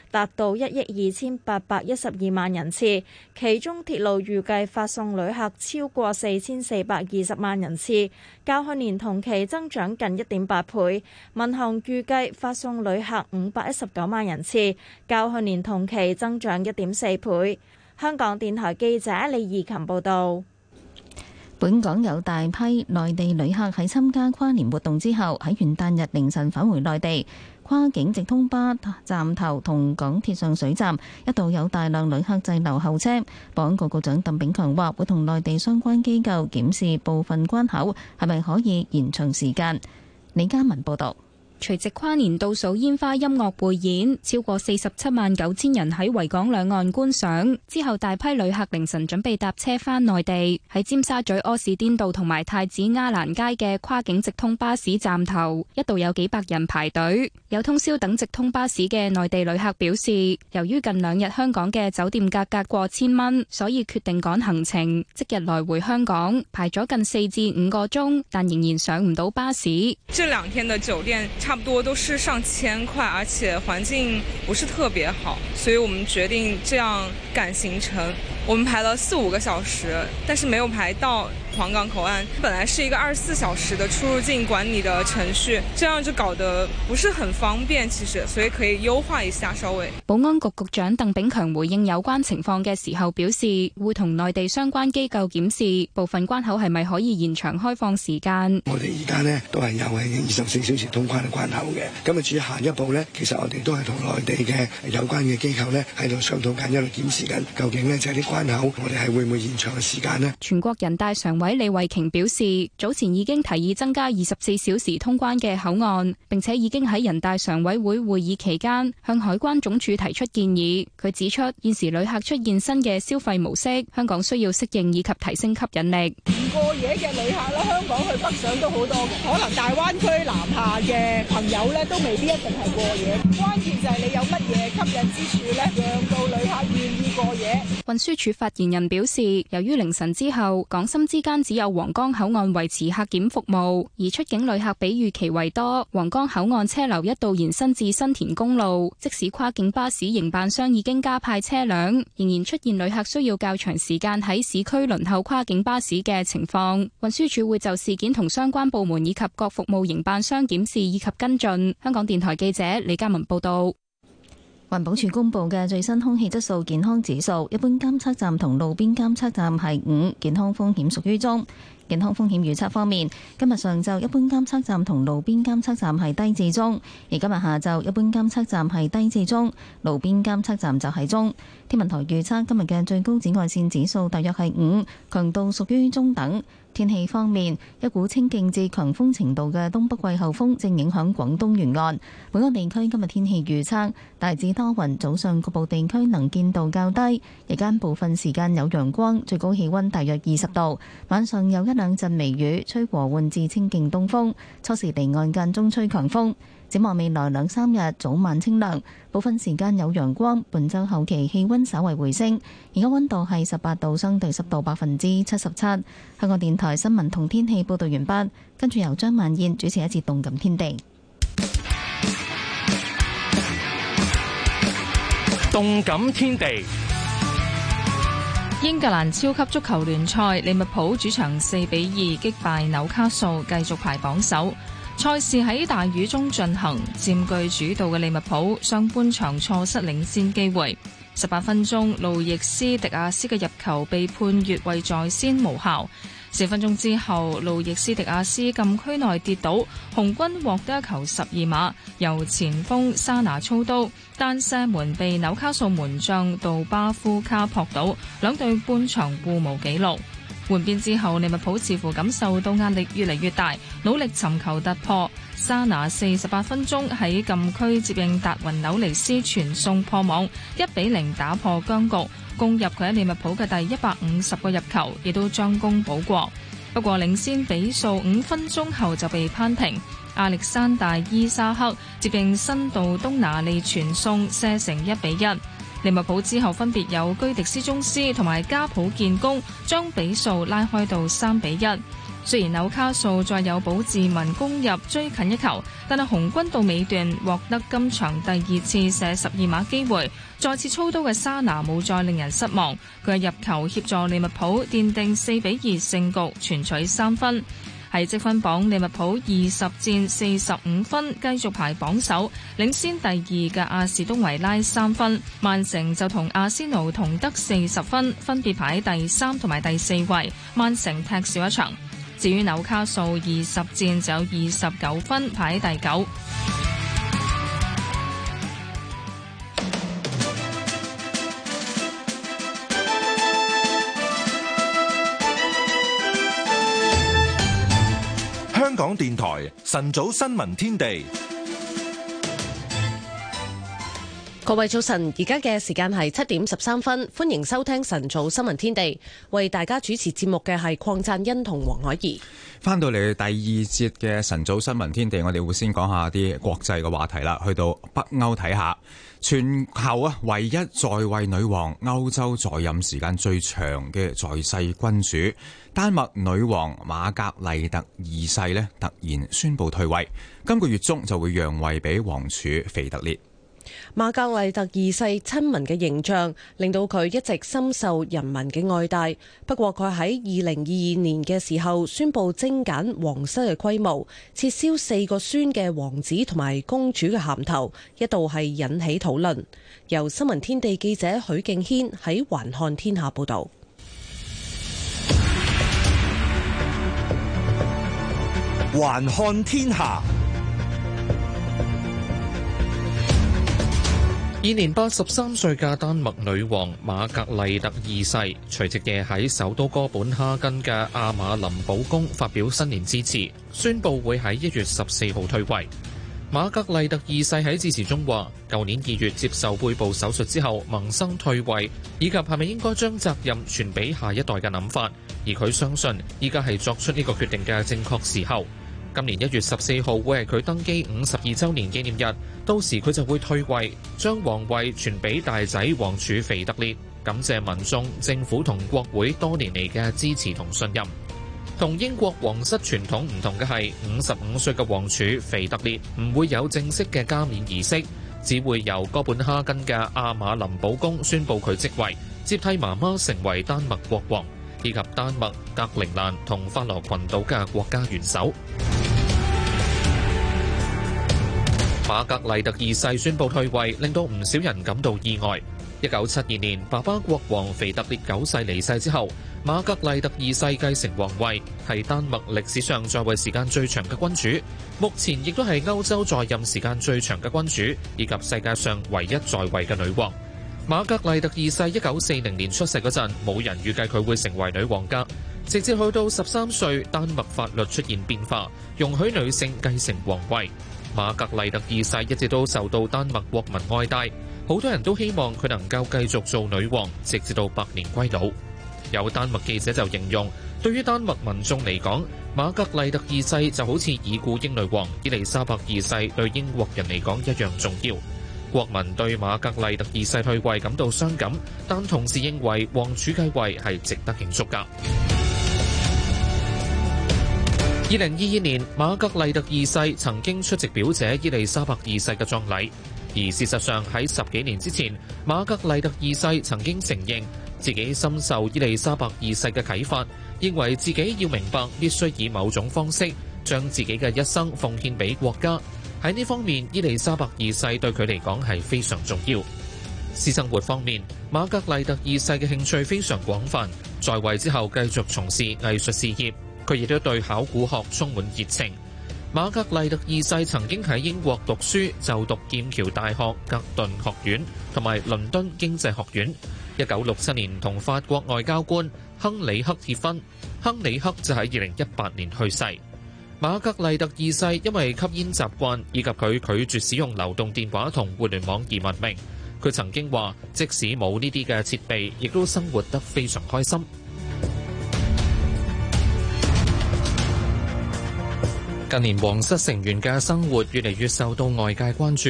達到一億二千八百一十二萬人次。其中鐵路預計發送旅客超過四千四百二十萬人次，較去年同期增長近一點八倍。民航預計發送旅客五百一十九萬人次，較去年同期增長一點四倍。香港電台記者李怡琴報道，本港有大批內地旅客喺參加跨年活動之後，喺元旦日凌晨返回內地。跨境直通巴站頭同港鐵上水站一度有大量旅客滯留候車。保安局局長鄧炳強話，會同內地相關機構檢視部分關口係咪可以延長時間。李嘉文報道。除夕跨年倒數煙花音樂匯演，超過四十七萬九千人喺維港兩岸觀賞。之後大批旅客凌晨準備搭車返內地，喺尖沙咀柯士甸道同埋太子亞蘭街嘅跨境直通巴士站頭，一度有幾百人排隊。有通宵等直通巴士嘅內地旅客表示，由於近兩日香港嘅酒店價格，格過千蚊，所以決定趕行程，即日來回香港。排咗近四至五個鐘，但仍然上唔到巴士。這兩天嘅酒店。差不多都是上千塊，而且環境不是特別好，所以我們決定這樣趕行程。我們排了四五個小時，但是沒有排到。黃港口岸本來是一個二十四小時的出入境管理的程序，這樣就搞得不是很方便，其實，所以可以優化一下。稍微保安局局長鄧炳強回應有關情況嘅時候表示，會同內地相關機構檢視部分關口係咪可以延長開放時間。我哋而家咧都係有係二十四小時通關嘅關口嘅，咁啊至於下一步咧，其實我哋都係同內地嘅有關嘅機構咧喺度商討緊一路檢視緊，究竟咧即係啲關口我哋係會唔會延長嘅時間咧？全國人大上委李慧瓊表示，早前已經提議增加二十四小時通關嘅口岸，並且已經喺人大常委會會議期間向海關總署提出建議。佢指出，現時旅客出現新嘅消費模式，香港需要適應以及提升吸引力。過夜嘅旅客咧，香港去北上都好多，可能大灣區南下嘅朋友呢都未必一定係過夜。關鍵就係你有乜嘢吸引之處呢，讓到旅客願意過夜。運輸署發言人表示，由於凌晨之後港深之間只有皇崗口岸維持客檢服務，而出境旅客比預期為多，皇崗口岸車流一度延伸至新田公路。即使跨境巴士營辦商已經加派車輛，仍然出現旅客需要較長時間喺市區輪候跨境巴士嘅情況。況運輸署會就事件同相關部門以及各服務營辦商檢視以及跟進。香港電台記者李嘉文報道，環保署公布嘅最新空氣質素健康指數，一般監測站同路邊監測站係五，健康風險屬於中。健康風險預測方面，今日上晝一般監測站同路邊監測站係低至中，而今日下晝一般監測站係低至中，路邊監測站就係中。天文台預測今日嘅最高紫外線指數大約係五，強度屬於中等。天氣方面，一股清勁至強風程度嘅東北季候風正影響廣東沿岸。本港地區今日天氣預測大致多雲，早上局部地區能見度較低，日間部分時間有陽光，最高氣溫大約二十度。晚上有一兩陣微雨，吹和緩至清勁東風，初時離岸間中吹強風。展望未來兩三日早晚清涼，部分時間有陽光。本周後期氣溫稍為回升，而家溫度係十八度，相對濕度百分之七十七。香港電台新聞同天氣報道完畢，跟住由張曼燕主持一次動感天地。動感天地。英格蘭超級足球聯賽利物浦主場四比二擊敗紐卡素，繼續排榜首。賽事喺大雨中進行，佔據主導嘅利物浦上半場錯失領先機會。十八分鐘，路易斯迪亞斯嘅入球被判越位在先無效。四分鐘之後，路易斯迪亞斯禁區內跌倒，紅軍獲得一球十二碼，由前鋒沙拿操刀，單射門被紐卡素門將杜巴夫卡撲倒，兩隊半場互無紀錄。換邊之後，利物浦似乎感受到壓力越嚟越大，努力尋求突破。沙拿四十八分鐘喺禁區接應達雲紐尼斯傳送破網，一比零打破僵局，攻入佢喺利物浦嘅第一百五十個入球，亦都將功補過。不過領先比數五分鐘後就被扳平，亞歷山大伊沙克接應身道東拿利傳送射成一比一。利物浦之後分別有居迪斯宗斯同埋加普建功，將比數拉開到三比一。雖然紐卡素再有保自民攻入追近一球，但係紅軍到尾段獲得今場第二次射十二碼機會，再次操刀嘅沙拿冇再令人失望，佢入球協助利物浦奠定四比二勝局，全取三分。係積分榜，利物浦二十戰四十五分，繼續排榜首，領先第二嘅阿士東維拉三分。曼城就同阿仙奴同得四十分，分別排喺第三同埋第四位。曼城踢少一場。至於紐卡素二十戰就有二十九分，排喺第九。電台晨早新聞天地，各位早晨，而家嘅時間係七點十三分，歡迎收聽晨早新聞天地，為大家主持節目嘅係鄺贊欣同黃海怡。翻到嚟第二節嘅晨早新聞天地，我哋會先講下啲國際嘅話題啦。去到北歐睇下，全球啊唯一在位女王、歐洲在任時間最長嘅在世君主丹麥女王瑪格麗特二世呢，突然宣布退位，今個月中就會讓位俾王儲腓特烈。瑪格麗特二世親民嘅形象，令到佢一直深受人民嘅愛戴。不過，佢喺二零二二年嘅時候宣布精簡皇室嘅規模，撤銷四個孫嘅王子同埋公主嘅銜頭，一度係引起討論。由新聞天地記者許敬軒喺《環看天下》報道，《環看天下》。現年八十三歲嘅丹麥女王馬格麗特二世，除夕夜喺首都哥本哈根嘅阿馬林堡宮發表新年致辭，宣布會喺一月十四號退位。馬格麗特二世喺致辭中話：舊年二月接受背部手術之後萌生退位，以及係咪應該將責任傳俾下一代嘅諗法，而佢相信依家係作出呢個決定嘅正確時候。今年一月十四號會係佢登基五十二周年紀念日，到時佢就會退位，將皇位傳俾大仔王儲腓特烈，感謝民眾、政府同國會多年嚟嘅支持同信任。同英國皇室傳統唔同嘅係，五十五歲嘅王儲腓特烈唔會有正式嘅加冕儀式，只會由哥本哈根嘅阿馬林堡宮宣布佢即位，接替媽媽成為丹麥國王，以及丹麥、格陵蘭同法羅群島嘅國家元首。馬格麗特二世宣布退位，令到唔少人感到意外。一九七二年，爸爸國王腓特烈九世離世之後，瑪格麗特二世繼承皇位，係丹麥歷史上在位時間最長嘅君主，目前亦都係歐洲在任時間最長嘅君主，以及世界上唯一在位嘅女王。瑪格麗特二世一九四零年出世嗰陣，冇人預計佢會成為女王家，直至去到十三歲，丹麥法律出現變化，容許女性繼承皇位。瑪格麗特二世一直都受到丹麥國民愛戴，好多人都希望佢能夠繼續做女王，直至到百年歸老。有丹麥記者就形容，對於丹麥民眾嚟講，瑪格麗特二世就好似已故英女王伊麗莎白二世對英國人嚟講一樣重要。國民對瑪格麗特二世退位感到傷感，但同時認為王儲繼位係值得慶祝噶。二零二二年，馬格麗特二世曾經出席表姐伊麗莎白二世嘅葬禮。而事實上喺十幾年之前，馬格麗特二世曾經承認自己深受伊麗莎白二世嘅啟發，認為自己要明白必須以某種方式將自己嘅一生奉獻俾國家。喺呢方面，伊麗莎白二世對佢嚟講係非常重要。私生活方面，馬格麗特二世嘅興趣非常廣泛，在位之後繼續從事藝術事業。佢亦都對考古學充滿熱情。馬格麗特二世曾經喺英國讀書，就讀劍橋大學格頓學院同埋倫敦經濟學院。一九六七年同法國外交官亨里克結婚，亨里克就喺二零一八年去世。馬格麗特二世因為吸煙習慣以及佢拒絕使用流動電話同互聯網而聞名。佢曾經話：即使冇呢啲嘅設備，亦都生活得非常開心。近年皇室成員嘅生活越嚟越受到外界關注。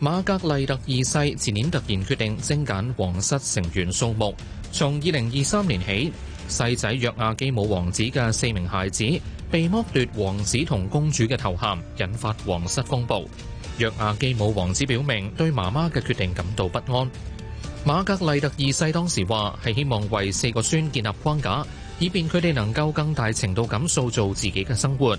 瑪格麗特二世前年突然決定精簡皇室成員數目，從二零二三年起，細仔約亞基姆王子嘅四名孩子被剝奪王子同公主嘅頭銜，引發皇室風暴。約亞基姆王子表明對媽媽嘅決定感到不安。瑪格麗特二世當時話：係希望為四個孫建立框架，以便佢哋能夠更大程度咁塑造自己嘅生活。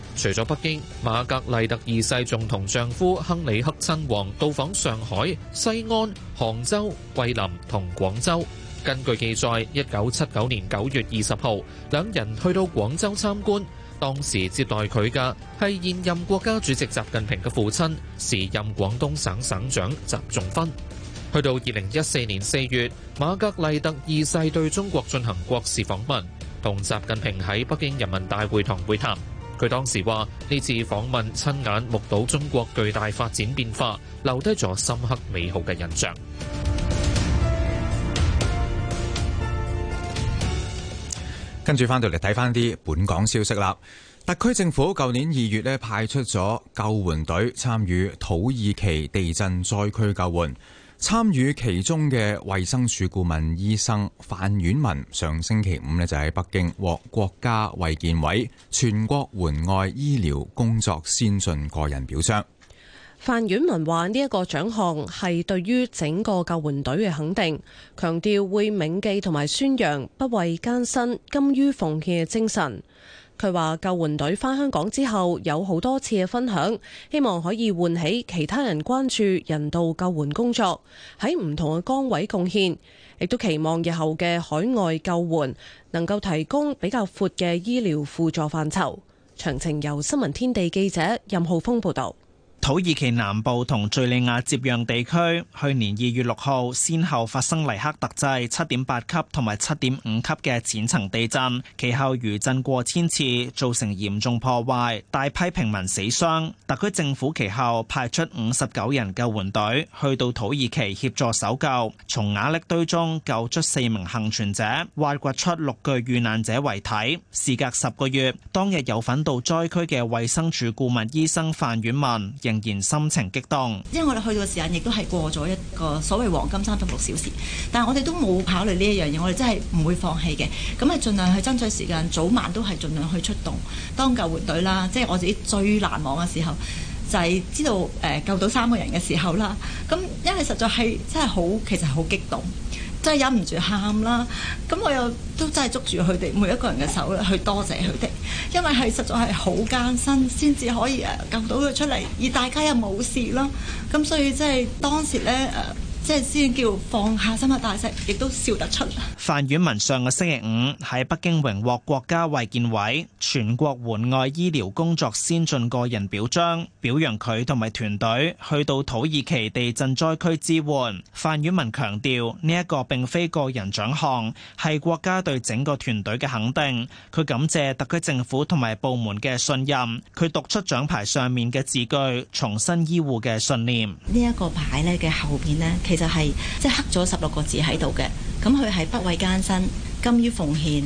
除咗北京，馬格麗特二世仲同丈夫亨利克親王到訪上海、西安、杭州、桂林同廣州。根據記載，一九七九年九月二十號，兩人去到廣州參觀，當時接待佢嘅係現任國家主席習近平嘅父親，時任廣東省省長習仲勛。去到二零一四年四月，馬格麗特二世對中國進行國事訪問，同習近平喺北京人民大會堂會談。佢當時話：呢次訪問親眼目睹中國巨大發展變化，留低咗深刻美好嘅印象。跟住翻到嚟睇翻啲本港消息啦。特區政府舊年二月呢，派出咗救援隊參與土耳其地震災區救援。參與其中嘅衛生署顧問醫生范婉文，上星期五咧就喺北京獲國家衛健委全國援外醫療工作先進個人表彰。范婉文話：呢一個獎項係對於整個救援隊嘅肯定，強調會銘記同埋宣揚不畏艱辛、甘於奉獻嘅精神。佢話救援隊返香港之後有好多次嘅分享，希望可以喚起其他人關注人道救援工作，喺唔同嘅崗位貢獻，亦都期望日後嘅海外救援能夠提供比較闊嘅醫療輔助範疇。詳情由新聞天地記者任浩峰報導。土耳其南部同敘利亞接壤地區，去年二月六號先後發生黎克特制七點八級同埋七點五級嘅淺層地震，其後餘震過千次，造成嚴重破壞，大批平民死傷。特區政府其後派出五十九人救援隊去到土耳其協助搜救，從瓦礫堆中救出四名幸存者，挖掘出六具遇難者遺體。事隔十個月，當日有份到災區嘅衛生署顧問醫生范婉文，仍然心情激動，因為我哋去到嘅時間亦都係過咗一個所謂黃金三十六小時，但係我哋都冇考慮呢一樣嘢，我哋真係唔會放棄嘅，咁係盡量去爭取時間，早晚都係盡量去出動當救援隊啦。即係我自己最難忘嘅時候，就係知道誒救到三個人嘅時候啦。咁因為實在係真係好，其實係好激動。真係忍唔住喊啦！咁我又都真係捉住佢哋每一個人嘅手去多謝佢哋，因為係實在係好艱辛先至可以誒救到佢出嚟，而大家又冇事咯。咁所以真係當時咧誒。即係先叫放下心下大石，亦都笑得出。范婉文上個星期五喺北京榮獲國家衛健委全國援外醫療工作先進個人表彰，表揚佢同埋團隊去到土耳其地震災區支援。范婉文強調呢一個並非個人獎項，係國家對整個團隊嘅肯定。佢感謝特區政府同埋部門嘅信任。佢讀出獎牌上面嘅字句，重申醫護嘅信念。呢一個牌咧嘅後面咧。其實係即係刻咗十六個字喺度嘅，咁佢係不畏艱辛，甘於奉獻，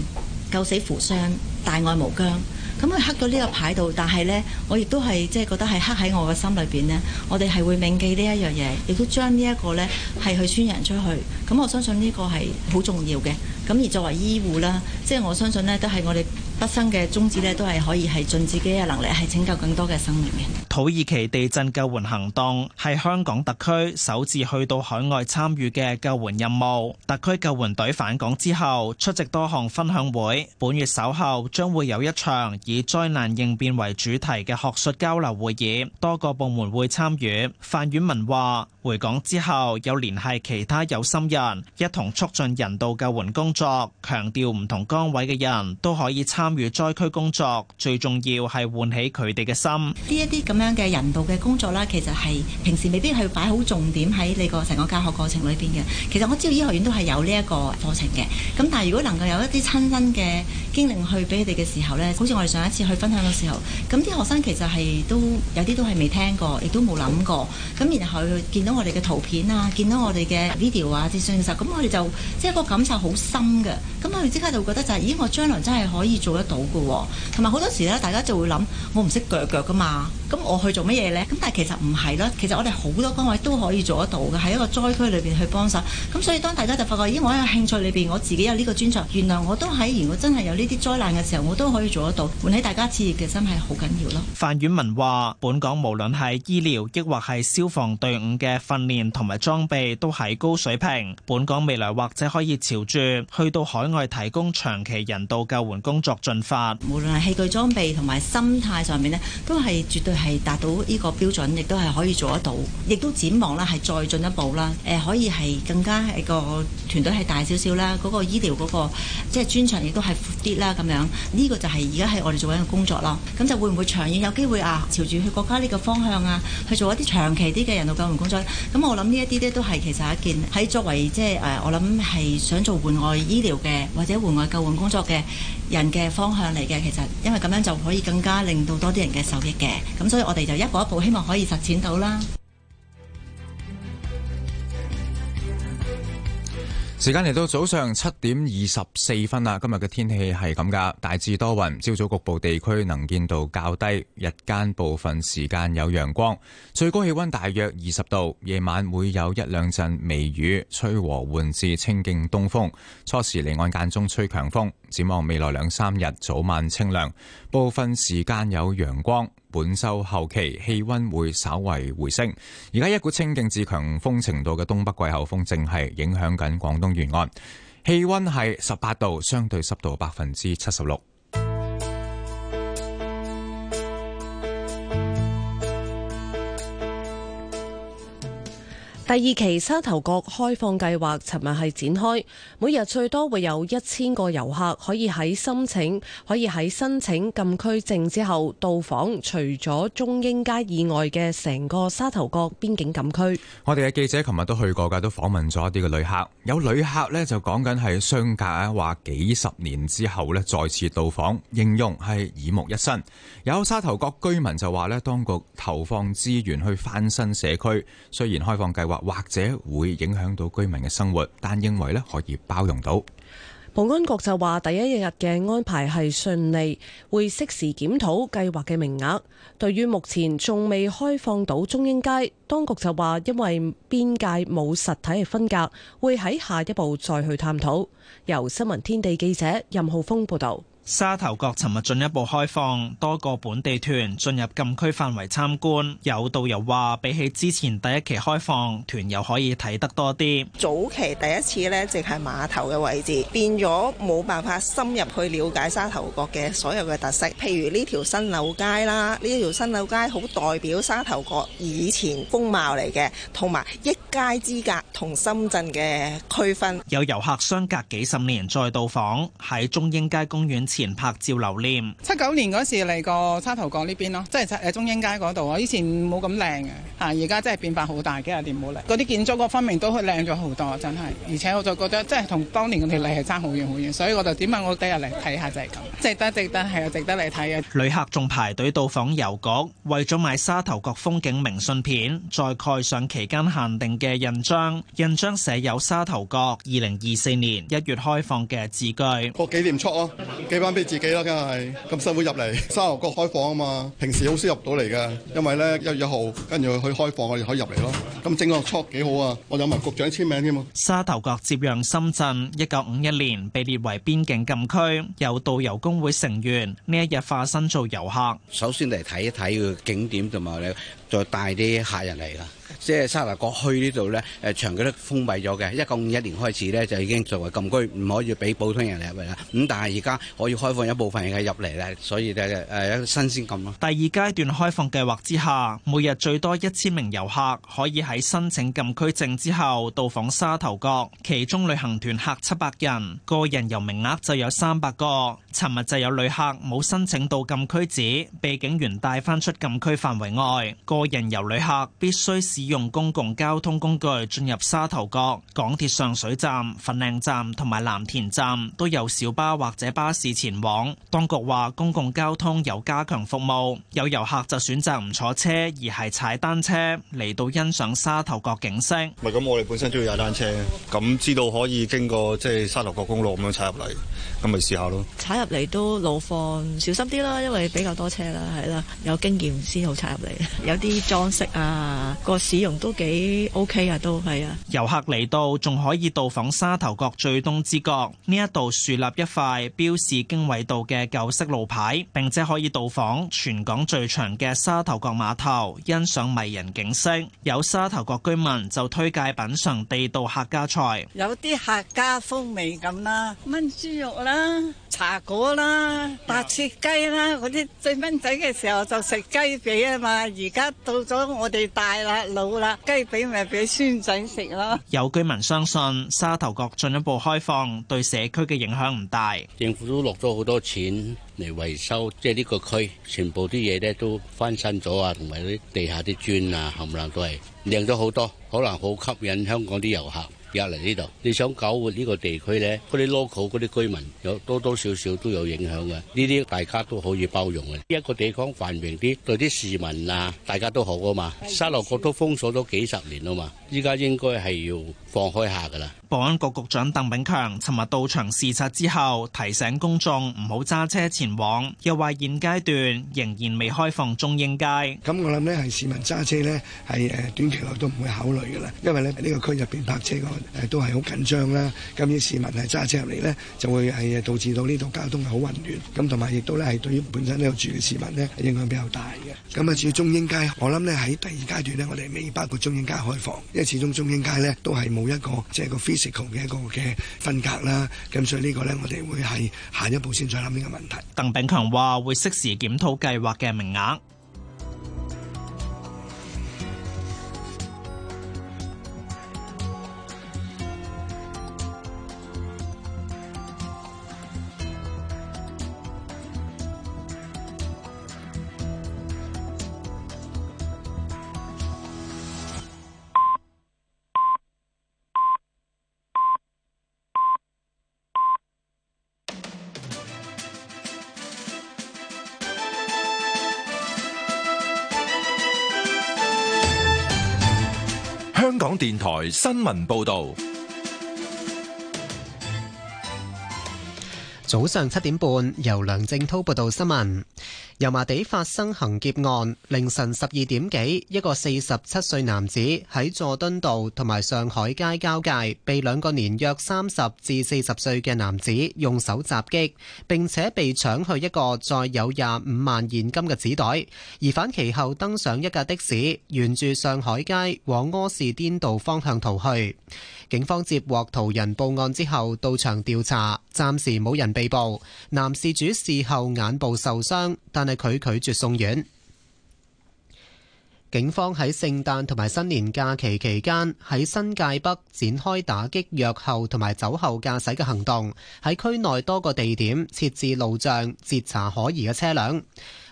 救死扶傷，大愛無疆。咁佢刻到呢個牌度，但係咧，我亦都係即係覺得係刻喺我嘅心裏邊咧。我哋係會銘記呢一樣嘢，亦都將呢一個咧係去宣揚出去。咁我相信呢個係好重要嘅。咁而作為醫護啦，即係我相信咧，都係我哋畢生嘅宗旨咧，都係可以係盡自己嘅能力係拯救更多嘅生命嘅。土耳其地震救援行動係香港特區首次去到海外參與嘅救援任務。特區救援隊返港之後出席多項分享會，本月稍後將會有一場。以災難應變為主題嘅學術交流會議，多個部門會參與。范遠文話：回港之後有聯繫其他有心人，一同促進人道救援工作。強調唔同崗位嘅人都可以參與災區工作，最重要係喚起佢哋嘅心。呢一啲咁樣嘅人道嘅工作啦，其實係平時未必去擺好重點喺你個成個教學過程裏邊嘅。其實我知道醫學院都係有呢一個課程嘅，咁但係如果能夠有一啲親身嘅經歷去俾佢哋嘅時候咧，好似我哋。上一次去分享嘅時候，咁啲學生其實係都有啲都係未聽過，亦都冇諗過。咁然後去見到我哋嘅圖片啊，見到我哋嘅 video 啊啲信息，咁我哋就即係個感受好深嘅。咁我哋即刻就會覺得就係，咦！我將來真係可以做得到嘅喎。同埋好多時咧，大家就會諗，我唔識腳腳㗎嘛，咁我去做乜嘢呢？咁但係其實唔係啦，其實我哋好多崗位都可以做得到嘅，喺一個災區裏邊去幫手。咁所以當大家就發覺，咦！我喺興趣裏邊，我自己有呢個專長，原來我都係如果真係有呢啲災難嘅時候，我都可以做得到。喺大家熾熱嘅心係好緊要咯。范婉文話：本港無論係醫療，抑或係消防隊伍嘅訓練同埋裝備，都係高水平。本港未來或者可以朝住去到海外提供長期人道救援工作進發。無論係器具裝備同埋心態上面咧，都係絕對係達到呢個標準，亦都係可以做得到，亦都展望啦，係再進一步啦。誒，可以係更加係個團隊係大少少啦，嗰個醫療嗰個即係專長，亦都係闊啲啦。咁樣呢個就係而家喺我。去做緊個工作咯，咁就會唔會長遠有機會啊，朝住國家呢個方向啊去做一啲長期啲嘅人道救援工作。咁我諗呢一啲咧都係其實一件喺作為即係誒，我諗係想做援外醫療嘅或者援外救援工作嘅人嘅方向嚟嘅。其實因為咁樣就可以更加令到多啲人嘅受益嘅。咁所以我哋就一步一步希望可以實踐到啦。時間嚟到早上七點二十四分啦。今日嘅天氣係咁噶，大致多雲，朝早局部地區能見度較低，日間部分時間有陽光，最高氣温大約二十度，夜晚會有一兩陣微雨，吹和緩至清勁東風，初時離岸間中吹強風。展望未來兩三日，早晚清涼，部分時間有陽光。本周後期氣溫會稍為回升，而家一股清勁至強風程度嘅東北季候風正係影響緊廣東沿岸，氣溫係十八度，相對濕度百分之七十六。第二期沙頭角開放計劃尋日係展開，每日最多會有一千個遊客可以喺申請可以喺申請禁區證之後到訪除咗中英街以外嘅成個沙頭角邊境禁區，我哋嘅記者琴日都去過噶，都訪問咗一啲嘅旅客。有旅客咧就講緊係商界啊，話幾十年之後咧再次到訪形容係耳目一新。有沙頭角居民就話咧，當局投放資源去翻新社區，雖然開放計劃。或者會影響到居民嘅生活，但認為呢可以包容到。保安局就話：第一日嘅安排係順利，會適時檢討計劃嘅名額。對於目前仲未開放到中英街，當局就話因為邊界冇實體嘅分隔，會喺下一步再去探討。由新聞天地記者任浩峰報導。沙頭角尋日進一步開放，多個本地團進入禁區範圍參觀。有導遊話：比起之前第一期開放，團友可以睇得多啲。早期第一次呢，淨係碼頭嘅位置，變咗冇辦法深入去了解沙頭角嘅所有嘅特色，譬如呢條新樓街啦，呢條新樓街好代表沙頭角以前風貌嚟嘅，同埋一街之隔同深圳嘅區分。有遊客相隔幾十年再到訪，喺中英街公園前拍照留念，七九年嗰時嚟過沙頭角呢邊咯，即係誒中英街嗰度。我以前冇咁靚嘅吓，而家真係變化好大，幾廿年冇嚟，嗰啲建築各方面都靚咗好多，真係。而且我就覺得，即係同當年嗰條嚟係差好遠好遠，所以我就點解，我今日嚟睇下就係咁，值得值得係又值得嚟睇嘅。旅客仲排隊到訪郵局，為咗買沙頭角風景明信片，再蓋上期間限定嘅印章，印章寫有沙頭角二零二四年一月開放嘅字句，個紀念戳咯。翻俾自己啦，梗係咁新會入嚟，沙頭角開放啊嘛，平時好少入到嚟㗎，因為咧一月一號跟住去開放，我哋可以入嚟咯。咁正啊，初幾好啊，我有埋局長簽名添啊。沙頭角接壤深圳，一九五一年被列為邊境禁區，有導遊工會成員呢一日化身做遊客。首先嚟睇一睇個景點，同埋你再帶啲客人嚟啦。即係沙頭角墟呢度咧，誒長久都封閉咗嘅。一九五一年開始咧，就已經作為禁區，唔可以俾普通人入嚟啦。咁但係而家可以開放一部分嘅入嚟啦，所以咧誒一個新鮮感咯。第二階段開放計劃之下，每日最多一千名遊客可以喺申請禁區證之後到訪沙頭角，其中旅行團客七百人，個人遊名額就有三百個。尋日就有旅客冇申請到禁區紙，被警員帶返出禁區範圍外。個人遊旅客必須試，用公共交通工具進入沙頭角，港鐵上水站、粉嶺站同埋藍田站都有小巴或者巴士前往。當局話公共交通有加強服務，有遊客就選擇唔坐車，而係踩單車嚟到欣賞沙頭角景色。咪咁，我哋本身都要踩單車，咁知道可以經過即係沙頭角公路咁樣踩入嚟，咁咪試下咯。踩入嚟都路況小心啲啦，因為比較多車啦，係啦，有經驗先好踩入嚟，有啲裝飾啊，個美容都幾 OK 啊，都係啊！遊客嚟到仲可以到訪沙頭角最東之角，呢一度樹立一塊標示經緯度嘅舊式路牌，並且可以到訪全港最長嘅沙頭角碼頭，欣賞迷人景色。有沙頭角居民就推介品嘗地道客家菜，有啲客家風味咁啦，燜豬肉啦，茶果啦，白切雞啦，嗰啲細蚊仔嘅時候就食雞髀啊嘛，而家到咗我哋大啦老。好啦，雞髀咪俾孫仔食咯。有居民相信沙頭角進一步開放對社區嘅影響唔大。政府都落咗好多錢嚟維修，即係呢個區全部啲嘢咧都翻新咗啊，同埋啲地下啲磚啊、冚唪唥都係靚咗好多，可能好吸引香港啲遊客。入嚟呢度，你想搞活呢個地區咧，嗰啲 local 嗰啲居民有多多少少都有影響嘅。呢啲大家都可以包容嘅。一個地方繁榮啲，對啲市民啊，大家都好啊嘛。沙樂國都封鎖咗幾十年啊嘛，依家應該係要。放開下噶啦！保安局局長鄧炳強尋日到場視察之後，提醒公衆唔好揸車前往，又話現階段仍然未開放中英街。咁我諗呢係市民揸車呢係誒短期內都唔會考慮噶啦因為咧呢個區入邊泊車個誒都係好緊張啦。咁啲市民係揸車入嚟呢就會係導致到呢度交通係好混亂，咁同埋亦都呢係對於本身呢度住嘅市民咧影響比較大嘅。咁啊，至於中英街，我諗呢喺第二階段呢，我哋未包括中英街開放，因為始終中英街呢都係冇。一個即係個 physical 嘅一個嘅分隔啦，咁所以呢個呢個咧，我哋會係下一步先再諗呢個問題。鄧炳強話會適時檢討計劃嘅名額。新聞報道。早上七點半，由梁正濤報道新聞。油麻地發生行劫案，凌晨十二點幾，一個四十七歲男子喺佐敦道同埋上海街交界被兩個年約三十至四十歲嘅男子用手襲擊，並且被搶去一個載有廿五萬現金嘅紙袋，疑犯其後登上一架的士，沿住上海街往柯士甸道方向逃去。警方接獲途人報案之後到場調查，暫時冇人被捕。男事主事後眼部受傷，但係佢拒絕送院。警方喺聖誕同埋新年假期期間喺新界北展開打擊藥後同埋酒後駕駛嘅行動，喺區內多個地點設置路障，截查可疑嘅車輛。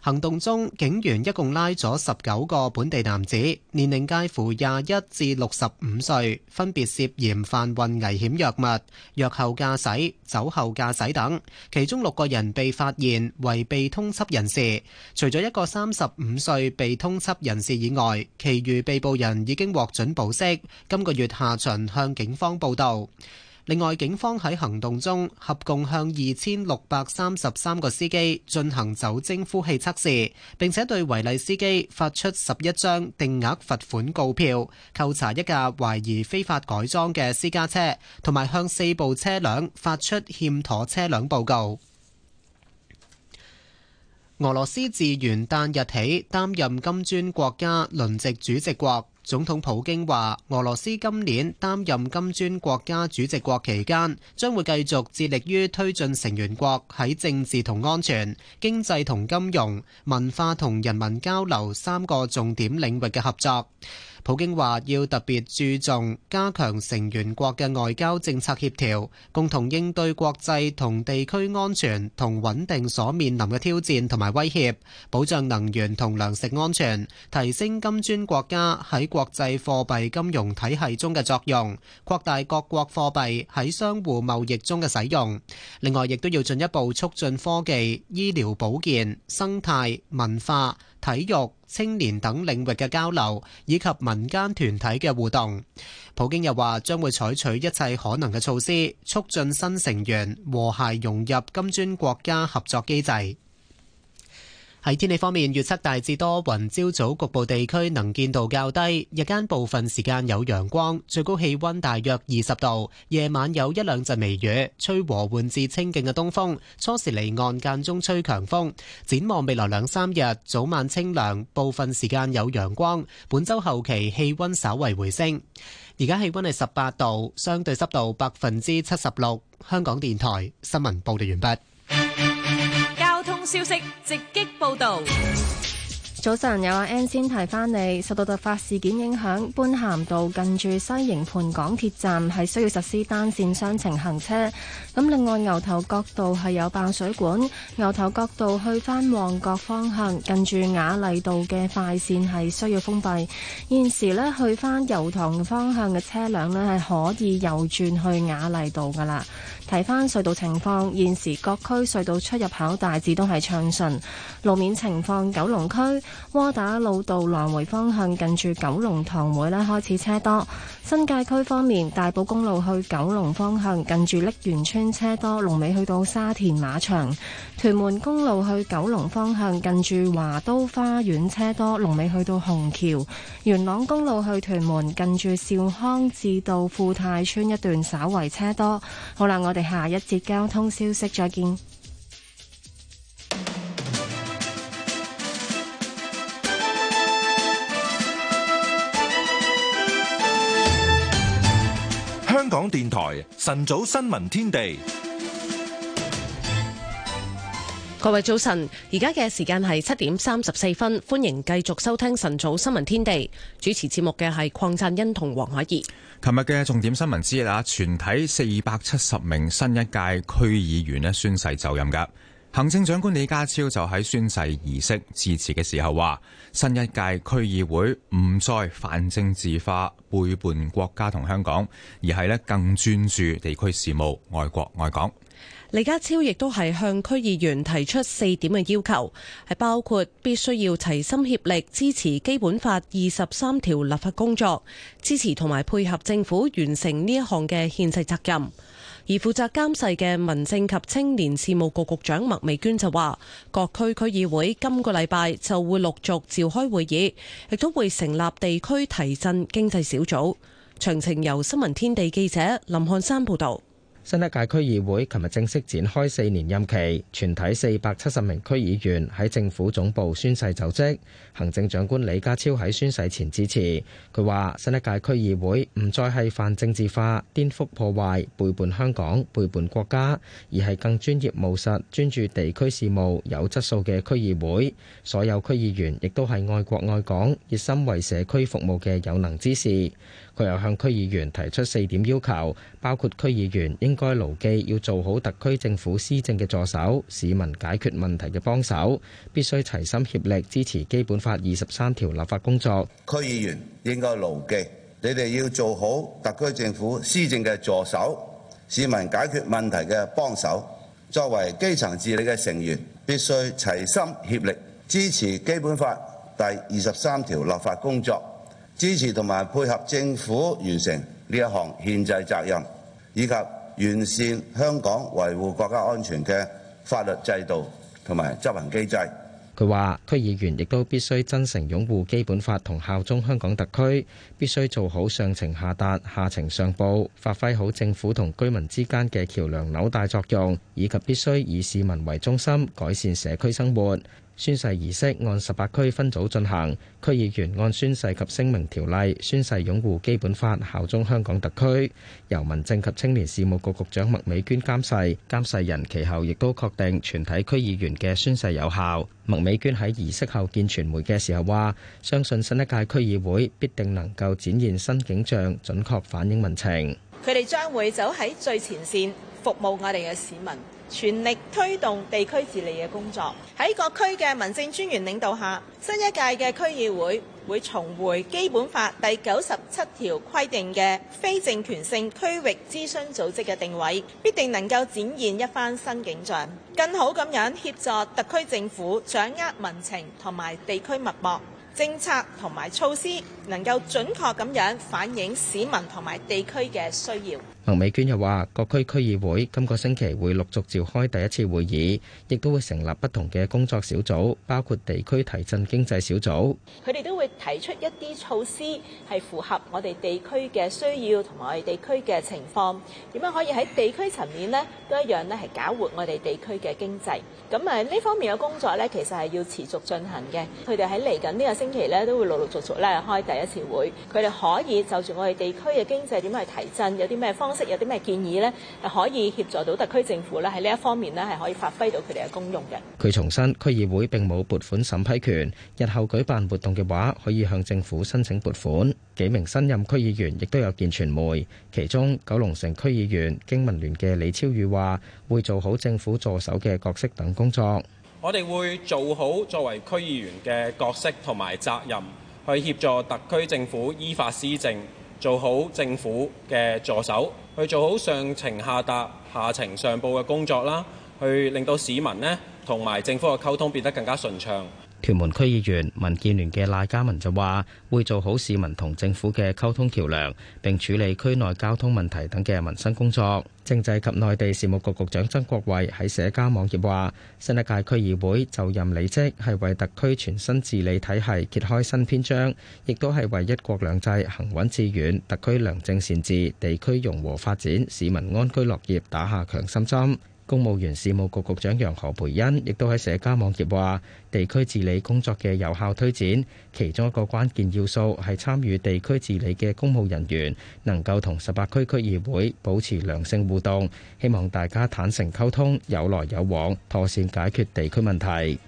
行動中，警員一共拉咗十九個本地男子，年齡介乎廿一至六十五歲，分別涉嫌販運危險藥物、藥後駕駛、酒後駕駛等。其中六個人被發現為被通緝人士，除咗一個三十五歲被通緝人士以外，其餘被捕人已經獲准保釋，今個月下旬向警方報到。另外，警方喺行動中合共向二千六百三十三個司機進行酒精呼氣測試，並且對違例司機發出十一張定額罰款告票，扣查一架懷疑非法改裝嘅私家車，同埋向四部車輛發出欠妥車輛報告。俄羅斯自元旦日起擔任金磚國家輪值主席國。總統普京話：俄羅斯今年擔任金磚國家主席國期間，將會繼續致力於推進成員國喺政治同安全、經濟同金融、文化同人民交流三個重點領域嘅合作。普京話：要特別注重加強成員國嘅外交政策協調，共同應對國際同地區安全同穩定所面臨嘅挑戰同埋威脅，保障能源同糧食安全，提升金磚國家喺國際貨幣金融體系中嘅作用，擴大各國貨幣喺相互貿易中嘅使用。另外，亦都要進一步促進科技、醫療保健、生態、文化、體育、青年等領域嘅交流，以及民間團體嘅互動。普京又話，將會採取一切可能嘅措施，促進新成員和諧融入金磚國家合作機制。喺天氣方面，預測大致多雲，雲，朝早局部地區能見度較低，日間部分時間有陽光，最高氣温大約二十度，夜晚有一兩陣微雨，吹和緩至清勁嘅東風，初時離岸間中吹強風。展望未來兩三日，早晚清涼，部分時間有陽光。本周後期氣温稍為回升。而家氣温係十八度，相對濕度百分之七十六。香港電台新聞報道完畢。消息直擊報道。早晨，有阿 N 先提翻你，受到突發事件影響，般咸道近住西營盤港鐵站係需要實施單線雙程行車。咁另外，牛頭角道係有爆水管，牛頭角道去返旺角方向近住雅麗道嘅快線係需要封閉。現時呢去返油塘方向嘅車輛呢係可以右轉去雅麗道㗎喇。睇翻隧道情況，現時各區隧道出入口大致都係暢順。路面情況，九龍區窩打老道來回方向近住九龍塘會呢開始車多。新界區方面，大埔公路去九龍方向近住瀝源村車多，龍尾去到沙田馬場。屯門公路去九龍方向近住華都花園車多，龍尾去到紅橋。元朗公路去屯門近住兆康至到富泰村一段稍為車多。好啦，我哋。下一節交通消息，再見。香港電台晨早新聞天地。各位早晨，而家嘅時間係七點三十四分，歡迎繼續收聽晨早新聞天地。主持節目嘅係鄺贊恩同黃海怡。琴日嘅重點新聞之一啊，全體四百七十名新一屆區議員呢，宣誓就任㗎。行政長官李家超就喺宣誓儀式致辭嘅時候話，新一屆區議會唔再泛政治化，背叛國家同香港，而係呢，更專注地區事務愛國愛港。李家超亦都係向區議員提出四點嘅要求，係包括必須要齊心協力支持基本法二十三條立法工作，支持同埋配合政府完成呢一項嘅憲制責任。而負責監視嘅民政及青年事務局局局長麥美娟就話：各區區議會今個禮拜就會陸續召開會議，亦都會成立地區提振經濟小組。詳情由新聞天地記者林漢山報導。新一屆區議會琴日正式展開四年任期，全體四百七十名區議員喺政府總部宣誓就職。行政長官李家超喺宣誓前致辭，佢話：新一屆區議會唔再係泛政治化、顛覆破壞、背叛香港、背叛國家，而係更專業務實、專注地區事務、有質素嘅區議會。所有區議員亦都係愛國愛港、熱心為社區服務嘅有能之士。佢又向區議員提出四點要求，包括區議員應該牢記要做好特區政府施政嘅助手、市民解決問題嘅幫手，必須齊心協力支持基本法二十三條立法工作。區議員應該牢記，你哋要做好特區政府施政嘅助手、市民解決問題嘅幫手，作為基層治理嘅成員，必須齊心協力支持基本法第二十三條立法工作。支持同埋配合政府完成呢一項憲制責任，以及完善香港維護國家安全嘅法律制度同埋執行機制。佢話區議員亦都必須真誠擁護基本法同效忠香港特區，必須做好上情下達、下情上報，發揮好政府同居民之間嘅橋樑紐帶作用，以及必須以市民為中心改善社區生活。宣誓儀式按十八區分組進行，區議員按宣誓及聲明條例宣誓擁護基本法、效忠香港特區。由民政及青年事務局局局長麥美娟監誓，監誓人其後亦都確定全體區議員嘅宣誓有效。麥美娟喺儀式後見傳媒嘅時候話，相信新一屆區議會必定能夠展現新景象，準確反映民情。佢哋將會走喺最前線，服務我哋嘅市民。全力推動地區治理嘅工作，喺各區嘅民政專員領導下，新一屆嘅區議會會重回《基本法》第九十七條規定嘅非政權性區域諮詢組織嘅定位，必定能夠展現一番新景象，更好咁樣協助特區政府掌握民情同埋地區脈搏，政策同埋措施能夠準確咁樣反映市民同埋地區嘅需要。彭美娟又話：各區區議會今個星期會陸續召開第一次會議，亦都會成立不同嘅工作小組，包括地區提振經濟小組。佢哋都會提出一啲措施，係符合我哋地區嘅需要同埋我哋地區嘅情況。點樣可以喺地區層面咧，都一樣咧，係搞活我哋地區嘅經濟。咁誒，呢方面嘅工作咧，其實係要持續進行嘅。佢哋喺嚟緊呢個星期咧，都會陸陸續續咧開第一次會。佢哋可以就住我哋地區嘅經濟點去提振，有啲咩方有啲咩建議咧，係可以協助到特區政府咧喺呢一方面咧，係可以發揮到佢哋嘅功用嘅。佢重申，區議會並冇撥款審批權，日後舉辦活動嘅話，可以向政府申請撥款。幾名新任區議員亦都有見傳媒，其中九龍城區議員經民聯嘅李超宇話，會做好政府助手嘅角色等工作。我哋會做好作為區議員嘅角色同埋責任，去協助特區政府依法施政。做好政府嘅助手，去做好上情下達、下情上報嘅工作啦，去令到市民咧同埋政府嘅溝通變得更加順暢。屯門區議員民建聯嘅賴嘉文就話：會做好市民同政府嘅溝通橋梁，並處理區內交通問題等嘅民生工作。政制及內地事務局局長曾國衛喺社交網頁話：新一屆區議會就任履職係為特區全新治理體系揭開新篇章，亦都係為一國兩制行穩致遠、特區良政善治、地區融和發展、市民安居樂業打下強心針。公務員事務局局長楊何培恩亦都喺社交網頁話：地區治理工作嘅有效推展，其中一個關鍵要素係參與地區治理嘅公務人員，能夠同十八區區議會保持良性互動，希望大家坦誠溝通，有來有往，妥善解決地區問題。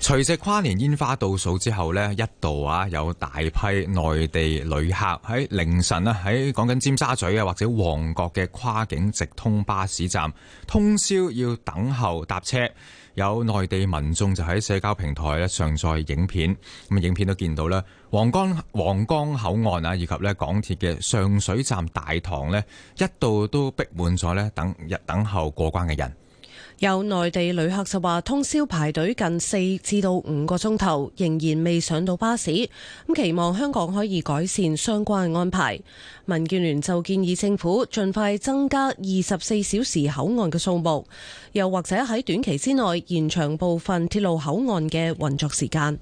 隨着跨年煙花倒數之後呢一度啊，有大批內地旅客喺凌晨啊，喺講緊尖沙咀啊或者旺角嘅跨境直通巴士站通宵要等候搭車，有內地民眾就喺社交平台咧上載影片，咁影片都見到咧皇崗皇崗口岸啊以及呢港鐵嘅上水站大堂呢一度都逼滿咗呢等日等候過關嘅人。有內地旅客就話：通宵排隊近四至到五個鐘頭，仍然未上到巴士。咁期望香港可以改善相關嘅安排。民建聯就建議政府盡快增加二十四小時口岸嘅數目，又或者喺短期之內延長部分鐵路口岸嘅運作時間。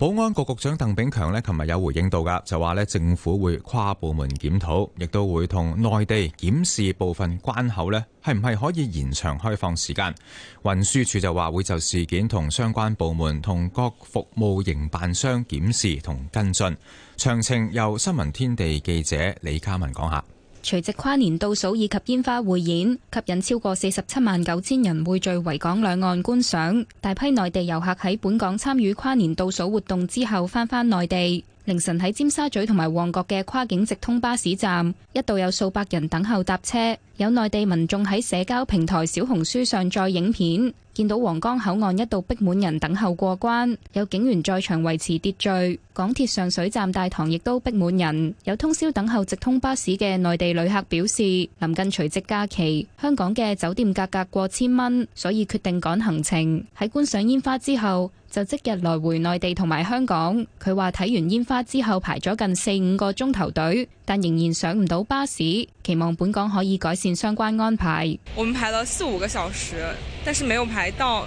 保安局局長鄧炳強呢，琴日有回應到噶，就話呢，政府會跨部門檢討，亦都會同內地檢視部分關口呢係唔係可以延長開放時間。運輸署就話會就事件同相關部門同各服務營辦商檢視同跟進。詳情由新聞天地記者李嘉文講下。除夕跨年倒數以及煙花匯演，吸引超過四十七萬九千人匯聚維港兩岸觀賞。大批內地遊客喺本港參與跨年倒數活動之後，翻返內地。凌晨喺尖沙咀同埋旺角嘅跨境直通巴士站，一度有數百人等候搭車。有內地民眾喺社交平台小紅書上載影片。見到皇崗口岸一度逼滿人等候過關，有警員在場維持秩序。港鐵上水站大堂亦都逼滿人，有通宵等候直通巴士嘅內地旅客表示，臨近除夕假期，香港嘅酒店價格過千蚊，所以決定趕行程。喺觀賞煙花之後。就即日來回內地同埋香港，佢話睇完煙花之後排咗近四五個鐘頭隊，但仍然上唔到巴士，期望本港可以改善相關安排。我們排了四五個小時，但是沒有排到，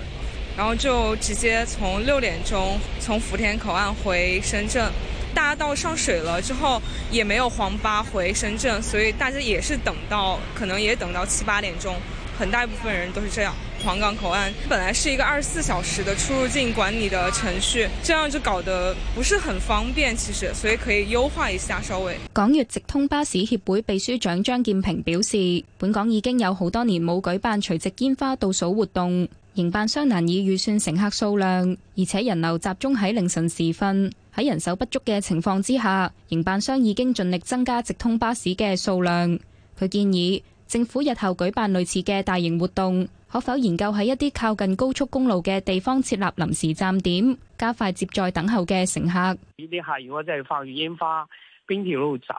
然後就直接從六點鐘從福田口岸回深圳。大家到上水了之後，也沒有黃巴回深圳，所以大家也是等到，可能也等到七八點鐘，很大一部分人都是這樣。皇崗口岸本來是一個二十四小時的出入境管理的程序，這樣就搞得不是很方便，其實，所以可以優化一下。稍微港粵直通巴士協會秘書長張建平表示，本港已經有好多年冇舉辦除夕煙花倒數活動，營辦商難以預算乘客數量，而且人流集中喺凌晨時分，喺人手不足嘅情況之下，營辦商已經盡力增加直通巴士嘅數量。佢建議。政府日後舉辦類似嘅大型活動，可否研究喺一啲靠近高速公路嘅地方設立臨時站點，加快接載等候嘅乘客？呢啲係如果真係放完煙花，邊條路走？